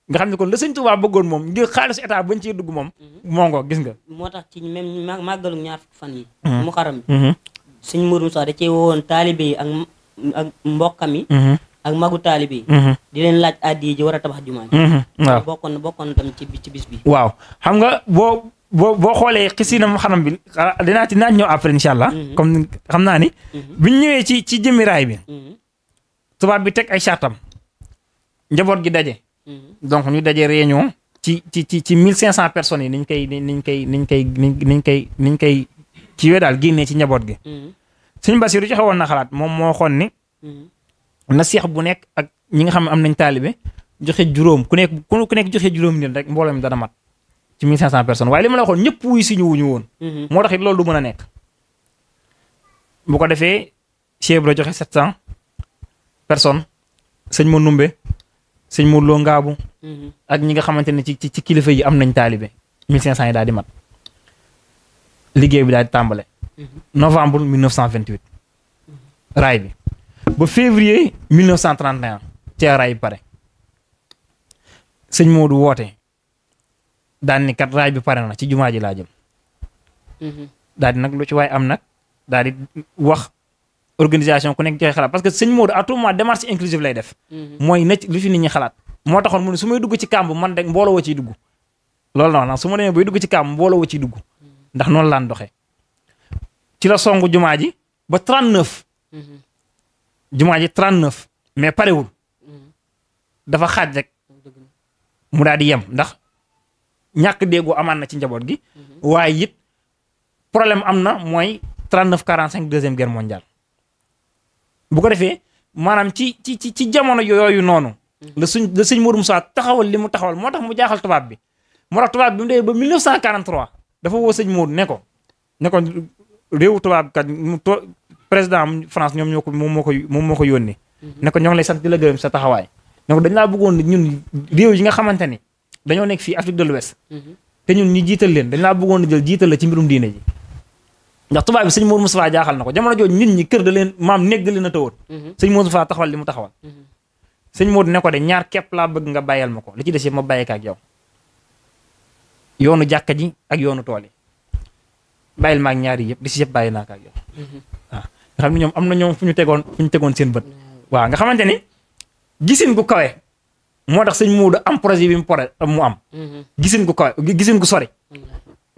nga xam ne ko la sëñ bëggoon moom ngir xaalis état bañ ciy dugg moom. Mhm. moo ngo gis nga. moo tax ci même màggalu ñaar fukki fan yi mhm. mu xaram bi. Mhm. sëñ Mourou Moussa da cee wowoon taalibe yi ak ak ak magu taalibe yi. di leen laaj addi ji war a ji. waaw bokkoon na bokkoon na tam ci ci bis bi. waaw xam nga boo boo boo xoolee xisiinam xaram bi dinaa ci naaj ñëw après incha allah. kom xam naa ni. biñ ñëwee ci ci jëmmi raay bi. tubaab bi teg ay chartam njaboot gi daje. Mm-hmm. donc ñu daje réunion ci ci ci ci mille cinq cent personnes yi niñ koy niñ koy niñ koy niñ koy niñ koy ci wee daal génnee ci njaboot gi mm-hmm. suñ Basiru joxe woon na xalaat moom moo xoon ni mm-hmm. na seex bu nekk ak ñi nga xam am nañ taalibe joxe juróom ku nekk ku nekk joxe juróom nit rek mbooloo mi dana mat ci mille cinq cent personnes waaye li ma la waxoon ñëpp wuy si ñu wuñu woon moo tax loolu du mën a nekk bu ko defee Cheikh Ibra joxe sept cent personnes sëñ ma numbe sëñ Modou Lo Ngaabu. Mhm. ak ñi nga xamante ne ci ci kilifa yi am nañ taalibe 1500 yi daal di mat liggéey bi daal di tàmbale. Mhm. novembre 1928 raay bi ba février 1931 cee raay bi sëñ Modou woote daan ni kat raay bi pare na ci jumaa ji laa mhm. nag lu ci waay am nag daal di wax organisation ku nekk joxe xalaat parce que sëñ Modou à tout moment démarche inclusive lay def. Mm-hmm. mooy na lu fi nit ñi xalaat. moo taxoon mu ne suma may dugg ci kàmb man rek mbooloo wa ciy dugg loolu noonu nag su ma demee bay ci kàmb mbooloo wa ciy mm-hmm. ndax noonu laan doxee ci la songu jumaa ji ba 39. Mm-hmm. jumaa ji 39 mais parewul dafa xaaj rek mu daal di yem ndax ñàkk déggoo amaan na ci njaboot gi. waaye it problème am na mooy 39 45 deuxième guerre mondiale. bu ko defee maanaam ci ci ci ci jamono yooyu noonu. la suñ la suñ Mourou Moussa taxawal li mu taxawal moo tax mu jaaxal tubaab bi. moo tax tubaab bi mu dee ba 1943 dafa woo sëñ Mourou ne ko ne ko réewu tubaab kat to président am France ñoom ñoo ko moom moo ko moom moo ko yónnee. ne ñoo ngi lay sant di la gërëm sa taxawaay. ne ko dañu laa bëggoon ñun réew yi nga xamante ni dañoo nekk fii Afrique de l'Ouest mhm. te ñun ñu jiital leen dañ laa bëggoon jël jiital la ci mbirum diine ji. ndax tubaab bi sëñ Mourou Moustapha jaaxal na ko jamono jooju nit ñi kër da leen maam néeg da leen a tëwoon mhm. sëñ Mourou Moustapha li mu taxawal mhm. sëñ Mourou ne ko de ñaar képp laa bëgg nga bàyyal ma ko li ci des ma bàyyi ko ak yow yoonu jàkka ji ak yoonu tool yi bàyyil ma ñaar yëpp li si yëpp bàyyi naa ko ak mhm. nga xam ne ñoom am na ñoom fu ñu tegoon ñu tegoon seen bët waa nga xamante ni gisin gu kawe moo tax sëñ Mourou am projet bi mu pore mu am gisin gu kawe gisin gu sori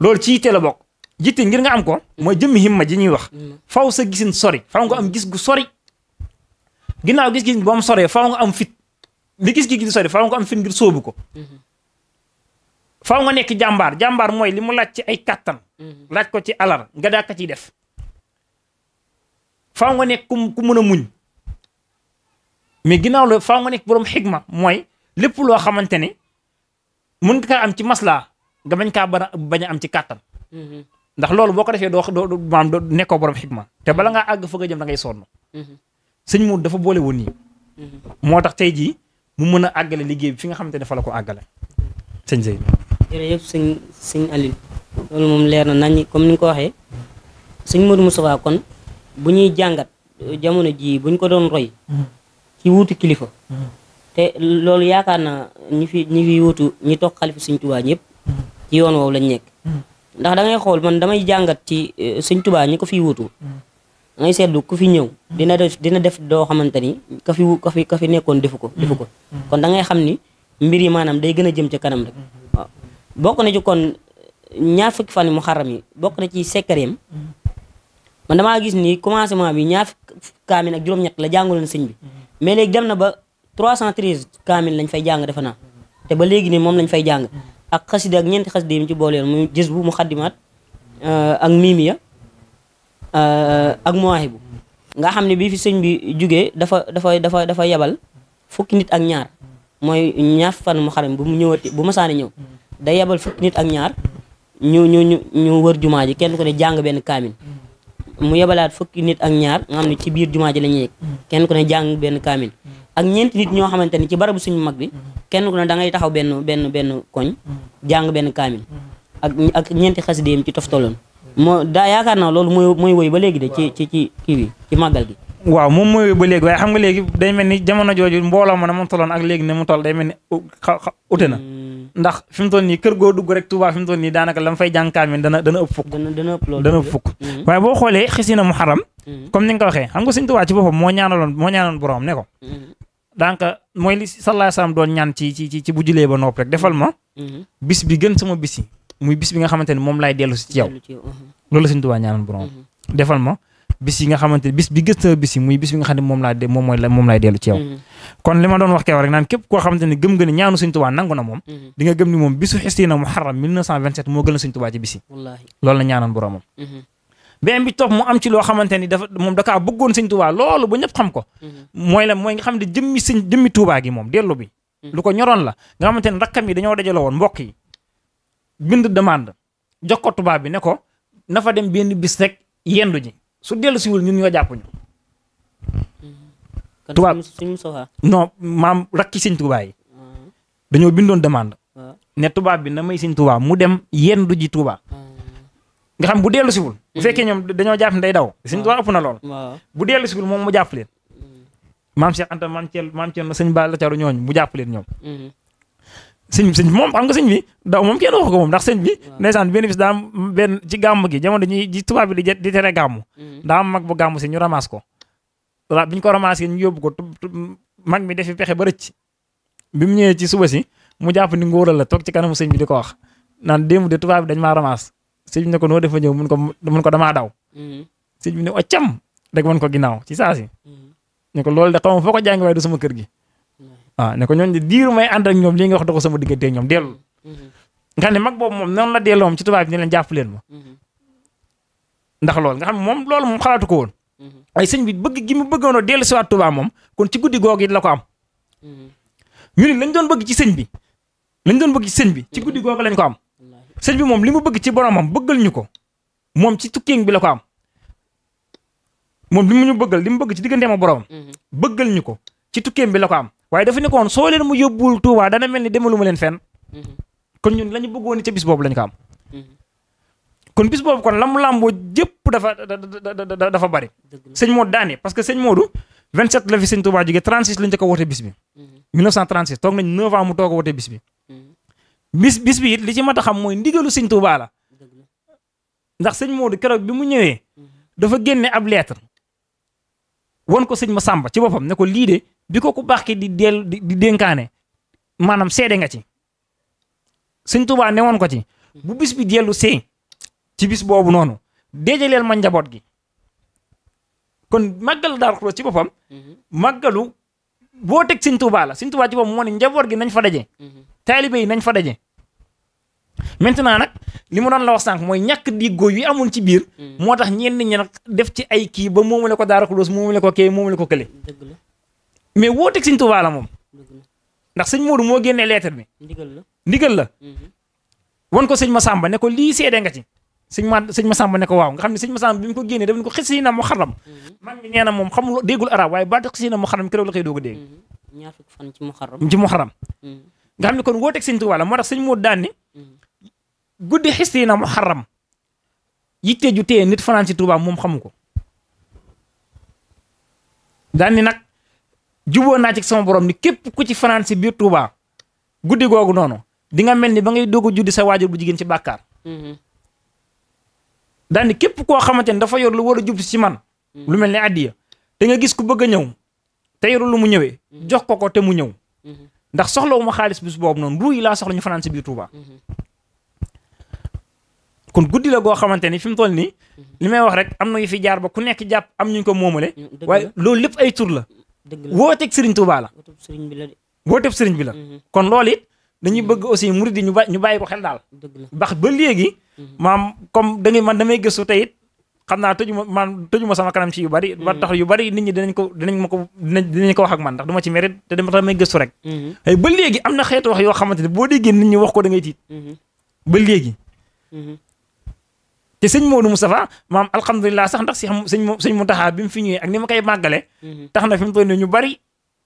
loolu ci yitte bokk jitte ngir nga am ko mooy jëmmi himma ji ñuy wax faw sa gisin sori faw nga am gis gu sori ginnaaw gis-gis boo am soree faw nga am fit li gis gi sori faw nga am fit ngir sóobu ko mhm. faw nga nekk jàmbaar jàmbaar mooy li mu laaj ci ay kàttan mhm. laaj ko ci alal nga daa ko ciy def faaw nga nekk ku mën a muñ mais ginnaaw la faaw nga nekk boroom xigma mooy lépp loo xamante ne mën nga kaa am ci maslaa nga bañ kaa bañ a am ci kàttan mhm. ndax loolu boo ko defee doo doo maanaam doo nekkoo borom xikma te bala ngaa àgg fa nga jëm da ngay sonn. Mhm. sëñ mu dafa boole woon nii. Mhm. moo tax tey jii mu mën a àggale liggéey bi fi nga xamante ne fa la ko àggale. sëñ Seydou. jërëjëf sëñ sëñ moom leer na nañ comme ni nga ko waxee sëñ Modou Moustapha kon bu ñuy jàngat jamono jii bu ñu ko doon roy. Mhm. ci wuutu kilifa. te loolu yaakaar na ñi fi ñi fi wuutu ñi toog xalifa sëñ Tuubaa ñëpp. ci yoon woowu lañ nekk. ndax da xool man damay jàngat ci eh, sëñ Tuubaa ñi ko fi wutu mm. da ngay seetlu ku fi ñëw dina def dina def doo xamante ni ka fi ka fi nekkoon defu ko mm. defu ko mm. kon dangay xam ni mbir yi maanaam day gën a jëm ca kanam rek mm-hmm. waaw bokk na ci kon eh, ñaar fukki fan mu xaram yi bokk na ci sekkareem man damaa gis ni commencement bi ñaar kaamil ak juróom-ñett la jàngaloon sëñ bi mm-hmm. mais léegi dem na ba 313 kaamil lañ fay jàng defe naa mm-hmm. te ba léegi nii moom lañ fay jàng ak xasida ak ñeenti xasida yi mu ci booleel muy jës bu mu xaddimaat euh, ak miimiya euh, ak muwaahibu nga xam ne bii fi sëñ bi jugee dafa dafa dafa dafa yebal fukki nit ak ñaar mooy ñaar fan mu xaram bu mu ñëwati bu masaani ñëw day yebal fukki nit ak ñaar ñu ñu ñu ñu wër jumaa ji kenn ku jàng benn kaamin mu yebalaat fukki nit ak ñaar ci biir jumaa ji la kenn ku ne jàng benn kaamin ak ñeenti nit ñoo xamante ni ci barabu suñu mag bi kenn ku ne da ngay taxaw benn benn benn koñ jàng benn kaamil ak ak ñeenti xasideem ci toftaloon moo daa yaakaar naa loolu mooy mooy woy ba léegi de ci ci ci kii bi ci màggal gi waaw moom mooy ba léegi waaye xam nga léegi day mel ni jamono jooju mbooloo ma ne mu tolloon ak léegi ne mu toll day mel ni na mm. ndax fi mu toll nii kër goo dugg rek Tuubaa fi mu nii daanaka la mu fay jàng kaamil dana dana ëpp fukk dana mm. waaye boo xoolee xis na mu xaram mm. ni nga ko waxee xam nga Sëñ Tuubaa ci boppam moo ñaanaloon moo ñaanaloon ko donc mooy li sallallahu alayhi wasallam doon ñaan ci ci ci bu julee ba nopp rek defal ma. Mm-hmm. bis bi gën sama bis muy bis bi nga xamante ne moom laay dellu si ci yow. Mm-hmm. loolu la Sëñ Tuubaa ñaanal borom. Mm-hmm. defal ma bis yi nga xamante ne bis bi gën xam ne moom laa de moom mooy moom laay dellu kon li wax kew rek naan képp koo xamante gëm nga ñaanu Sëñ nangu na moom. di gëm ni moom bisu xistina muharram 1927 moo gën a Sëñ Tuubaa ci bis yi. loolu la ñaanal beneen bi topp mu am ci loo xamante ni dafa moom dakaa bëggoon sëñ Tuubaa loolu ba ñëpp xam ko mm-hmm. mooy la mooy nga xam ne jëmmi sëñ jëmmi Tuubaa gi moom dellu bi mm-hmm. lu ko ñoroon la nga xamante ni rakkam yi dañoo dajale woon mbokk yi bind demande jox ko tubaab bi ne ko na dem benn bis rek yendu ji su dellu siwul ñun ñoo jàpp ñu mm-hmm. tubaab non maam rakki sëñ Tuubaa yi dañoo bindoon demande ne tubaab bi na may sëñ Tuubaa mu dem yendu ji Tuubaa nga xam bu dellu siwul bu fekkee ñoom dañoo jàpp ne daw ah. suñ tubaab ëpp na lool ah. bu dellu sigul moom mu jàpp leen hmm. maam Cheikh Anta maam Thiel maam Thiel sëñ Ba la caru ñooñu mu jàpp leen ñoom hmm. sëñ sëñ moom xam nga sëñ bi moom ko moom ndax sëñ bi ah. ndeysaan benn bis daa am ci gàmm gi jamono ñuy ji tubaab bi di di tere gàmm hmm. daa am mag bu gàmm si ñu ramaas ko waaw bi ñu ko ramaas ñu yóbbu ko mag mi defi pexe ba rëcc bi mu ñëwee ci suba si mu jàpp ni ngóora la toog ci kanamu sëñ bi di ko wax naan démb de tubaab bi dañ maa ramaas sëñ bi ne ko noo defa ñëw mun ko mun ko damaa daw. Mm-hmm. sëñ bi ne occam rek wan ko ginnaaw ci saa si. Mm-hmm. ne ko loolu de xaw ma foo ko jàngi waaye du sama kër gi. waaw mm-hmm. ah, ne ko ñooñu de diiru may ànd ak ñoom lii nga wax da ko sama diggante ñoom dellu. nga xam mag boobu moom noonu la delloo moom ci tubaab bi ne leen jàpp leen ma. ndax loolu nga xam ne moom loolu moom xalaatu ko woon. ay sëñ bi bëgg gi mu bëggoon a dellu si waat tubaab moom kon ci guddi googu la ko am. ñu ne lañ doon bëgg ci sëñ bi lañ doon bëgg ci bi ci guddi googu lañ ko am sëñ bi moom li mu bëgg ci boromam bëggal ñu ko moom ci tukkiing bi la ko am moom li mu ñu bëggal li mu bëgg ci digganteem ak boromam. Mhm. bëggal ñu ko ci tukkiing bi la ko am. waaye dafa nekkoon soo leen mu yóbbul Touba dana mel ni demaluma leen fenn. Mhm. kon ñun la ñu bëggoon ca bis boobu lañ ko am. Mhm. kon bis boobu kon lam làmboo jëpp dafa da dafa bari. sëñ Modou daane parce que sëñ Modou 27 la fi sëñ Touba jógee 36 lañ ca ko woote bis bi. bis bis bi li ci mat a xam mooy ndigalu sëñ Tuubaa ndax sëñ Moodu keroog bi mu ñëwee dafa génne ab lettre won ko sëñ Masamba ci boppam ne ko lii de bi ko ku baax ki di del di dénkaane maanaam seede nga ci sëñ ne woon ko ci bu bis bi dellu see ci bis boobu noonu déjaleel ma njaboot gi kon màggal Daaru Xudoos ci boppam mhm. màggalu boo teg Sëñ Tuubaa la Sëñ Tuubaa ci boobu moo ne njaboot gi nañ fa daje. Mhm. yi nañ fa daje. maintenant nag li mu doon la wax sànq mooy ñàkk diggoo yu amul ci biir. Mhm. moo tax ñenn ñi nag def ci ay kii ba moomule ko Daara Khoudoss moomule ko kee moomule ko kële. mais woo teg Sëñ Tuubaa moom. ndax sëñ Modou moo génnee lettre bi. ndigal la ndigal la. Mhm. wan ko sëñ Massamba ne ko lii seede nga ci. sëñ ma sëñ Masamba ne ko waaw nga xam ne sëñ Masamba bi mu ko génnee daf ne ko xis yi na mu xaram mag mhm. mi nee na moom xamul déggul arab waaye baatu xis yi na mu xaram keroog la koy a mu mhm. xaram ci mu xaram mhm. ne kon wooteeg sëñ Tuubaa la moo tax sëñ moo daan ni xaram yitte ju nit fanaan si Tuubaa moom xamu ko daan nag juboo naa ci sama borom ni képp ku ci fanaan si biir Tuubaa guddi googu noonu di nga mel ni ba ngay doog a juddi sa waajur bu jigéen ci bàkkaar daal képp koo xamante ni dafa yor lu war a jub si man lu mel ni addiya te nga gis ku bëgg a ñëw te yorul lu mu ñëwee jox ko ko te mu ñëw ndax soxlawu ma xaalis bis boobu noonu ruu laa soxla ñu fanaan si biir Touba kon guddi la goo xamante ni fi mu toll nii li may wax rek am na yu fi jaar ba ku nekk jàpp am ñu ko moomale waaye loolu lépp ay tur la woo wooteeg Serigne Touba la wooteeb Serigne bi la mhm. kon loolu dañuy bëgg aussi murid di ñu bàyyi ñu bàyyi ko xel daal. bax ba léegi. Mhm. maam comme da man damay gëstu tey it xam naa tëju ma man tëju ma sama kanam ci yu bari. Mhm. ba tax yu bari nit ñi dinañ ko dinañ ma ko dinañ ko wax ak man ndax du ma ci mérite te damay gëstu rek. ay mhm. ba léegi am na xeetu wax yoo xamante ne boo déggee nit ñi wax ko da ngay tiit. ba léegi. te sëñ mu Moustapha maam alhamdulilah sax ndax si xam mu Mountakha bi mu fi ñëwee ak ni ma koy màggale. tax na fi mu toll nii ñu bari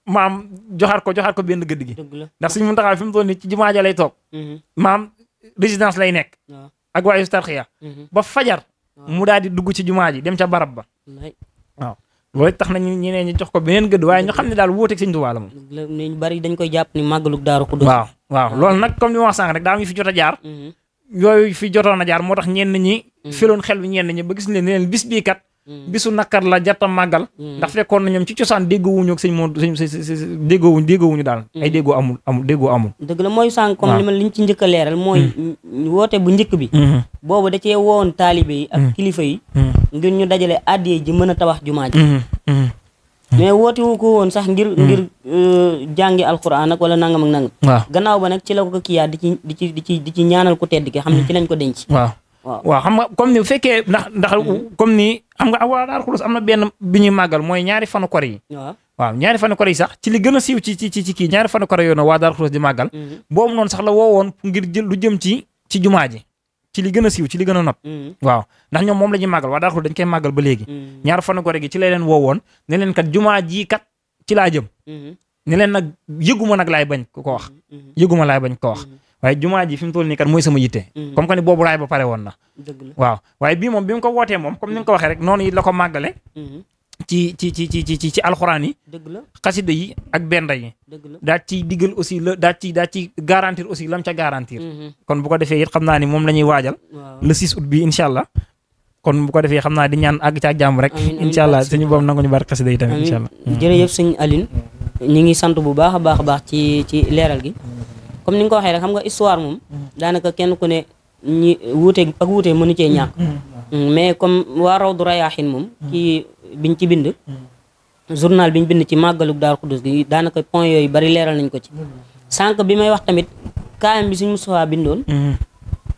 maam joxaat ko joxaat ko benn gëdd gi. ndax suñu muntaxaa fi mu toll nii ci jumaa ja lay toog. Mhm. maam résidence lay nekk. ak waayu tarxiya mhm. ba fajar. mu daal di dugg ci jumaa ji dem ca barab ba. waaw loolu tax na ñu ñeneen ñi jox ko beneen gëdd waaye ñu xam ne daal wuuteeg Sëñ Tuubaa la moom. ñu bari dañ koy jàpp ni màggalug Daaru Xudoos. waaw loolu nag comme li ma sànq rek daa ñu fi jot a jaar. Mhm. yooyu fi jotoon a jaar moo tax ñenn ñi. feloon xel bi ñenn ñi ba gis ne leen bis bii kat Mm. bisu nakar la jarta màggal mm. ndax fekkoon na ñoom ci cosaan déggoowuñu ak sëñ moo sëñ déggoowuñu déggoowuñu daal mm. ay déggoo amul amul déggoo amul dëgg la mooy sànq comme li ma liñ ci njëkk a leeral mooy woote bu njëkk bi mm-hmm. boobu da cee woon taalibe yi ak kilifa yi ngir ñu dajale addiyee ji mën a tabax jumaa ji mm-hmm. Mm-hmm. mais woote wu ko woon sax ngir ngir euh, jàngi alquran ak wala nangam ak nangam gannaaw ba nag ci la ko kiyaat di ci di ci ci di ci ñaanal ku tedd ki xam ne ci lañ ko denc waaw waaw xam nga comme ni bu fekkee ndax ndax mm-hmm. comme ni xam nga waa Daaru Xudoos am na benn bi ñuy màggal mooy ñaari fanu kor yi waaw ñaari fanu kor yi sax ci li gën a siiw ci ci ci kii ñaari fanu kor yoo na waa màggal mm-hmm. boobu noonu sax la woowoon ngir jël lu jëm ci ci jumaa ji ci li gën a siiw ci li gën a not mm-hmm. waaw ndax ñoom moom la ñuy màggal waa Daaru Xudoos dañ koy màggal ba léegi ñaari fanu kor gi ci lay leen woon ne leen kat jumaa ji kat ci laa jëm ne leen nag yëguma nag laay bañ ko wax yëguma laay bañ ko wax waaye jumaa ji fi mu nii kat mooy sama yitte mm-hmm. comme que ni boobu raay ba pare woon na waaw waaye bii moom bi mu ko wootee moom comme ni ko waxee rek noonu it la ko màggale mm-hmm. ci ci ci ci ci ci alxuraan yi xasida yi ak benda yi daal ciy diggal aussi la daal ci daal ci garantir aussi lam ca garantir mm-hmm. kon bu ko defee it xam naa ni moom la ñuy waajal le 6 août bi incha allah kon bu ko defee xam naa di ñaan agg ci ak jàmm rek incha allah suñu boom nangu ñu bari xasida yi tamit incha allah jërëjëf sëñ Aline ñi ngi sant bu baax a baax a baax ci ci leeral gi comme ni nga ko waxee rek xam nga histoire moom daanaka kenn ku ne ñi wuute ak wuute mënu cee ñàkk mm. Mm, mais comme waa raw du rayaaxin moom mm. kii biñ ci bind journal biñ bind ci màggalug Daaru Xuddus gi daanaka point yooyu bari leeral nañ ko ci sànq bi may wax tamit kaayam bi suñ Moustapha bindoon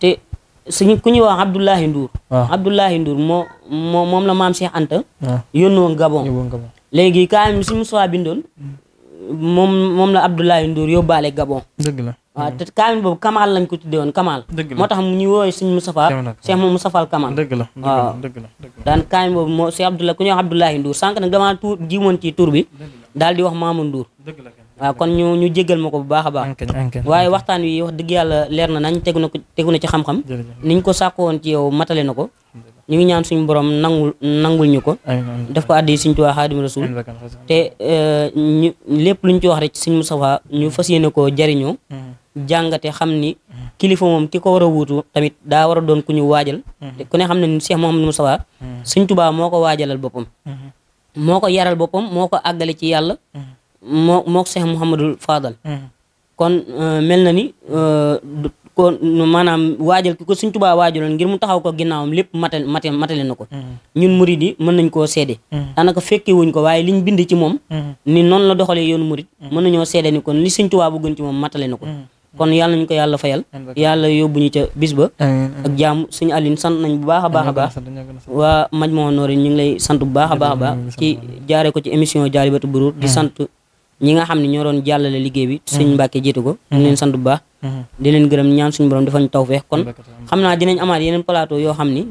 te suñu ku ñuy wax Abdoulahi nduur ah. Abdoulahi Ndour moo moo moom la maam Cheikh Anta ah. yónnoon Gabon léegi kaayam bi suñ Moustapha bindoon moom moom la Abdoulaye Ndour yóbbaale Gabon. dëgg la waaw te kaamil boobu Kamal lañ ko tuddee woon Kamal. dëgg la moo tax ñu woowee suñu Moustapha. Cheikh moom Moustapha Kamal. dëgg la waaw dëgg boobu moo Cheikh Abdoulaye ku ñuy wax Abdoulaye Ndour sànq nag damaa tuur jiwoon ci tur waaw kon ñu ñu jéggal ma ko bu baax a baax waaye waxtaan wi wax dëgg yàlla leer na nañ tegu na ko tegu na ci xam-xam niñ ko sàkk woon ci yow matale na ko ñu ngi ñaan suñ boroom nangul nangul ñu ko def ko àddi suñ tuwaa xaadim rasul te eh, ñu lépp luñ ci wax rek suñ Moustapha ñu fas yéene koo jariñoo mm-hmm. jàngate xam ni mm-hmm. kilifa moom ki ko war a wuutu tamit daa war a doon ku ñu waajal mm-hmm. ku ne xam ne Cheikh Mouhamadou Moustapha suñ tubaa moo ko waajalal boppam moo ko yaral boppam moo ko àggale ci yàlla moo mook Cheikh Mouhamadul Fadal mm-hmm. kon euh, mel na ni euh, ko maanaam waajal ko suñ tubaa waajaloon ngir mu taxaw ko ginnaawam lépp matal matale na ko mm-hmm. ñun murid yi mën nañ koo seede mm-hmm. daanaka fekkee wuñ ko waaye liñ bind ci moom ni noonu la doxalee yoonu murid mën nañoo seede ni kon li suñ tubaa bëggoon ci moom matale na ko kon yàlla nañ ko yàlla fayal yàlla yóbbu ñu ca bis ba ak jaamu suñu Alioune sant nañ bu baax a baax a baax waa Majmahun Nurayni ñu ngi lay sant bu ba a baax a baax ci ñi nga xam ne ñoo jàllale liggéey bi suñ mhm. Mbàkke jiitu ko ñu mhm. leen sant bu baax mhm. di leen gërëm ñaan suñu borom dafa ñu tawfeex kon xam naa dinañ amaat yeneen plateau yoo xam ni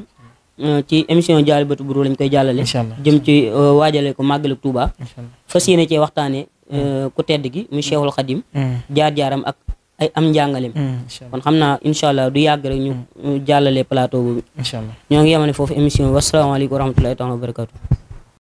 euh, ci émission Dialibatoul Buur lañ koy jàllale jëm ci euh, waajale ko màggalu Tuuba fas yéene cee waxtaane euh, ku tedd gi mu Cheikhul Khadim jaar-jaaram ak ay am njàngaleem kon xam naa incha allah du yàgg rek ñu jàllale plateau boobu ñoo ngi yemale foofu émission bi wasalaamaaleykum wa rahmatullahi taala wa barakatu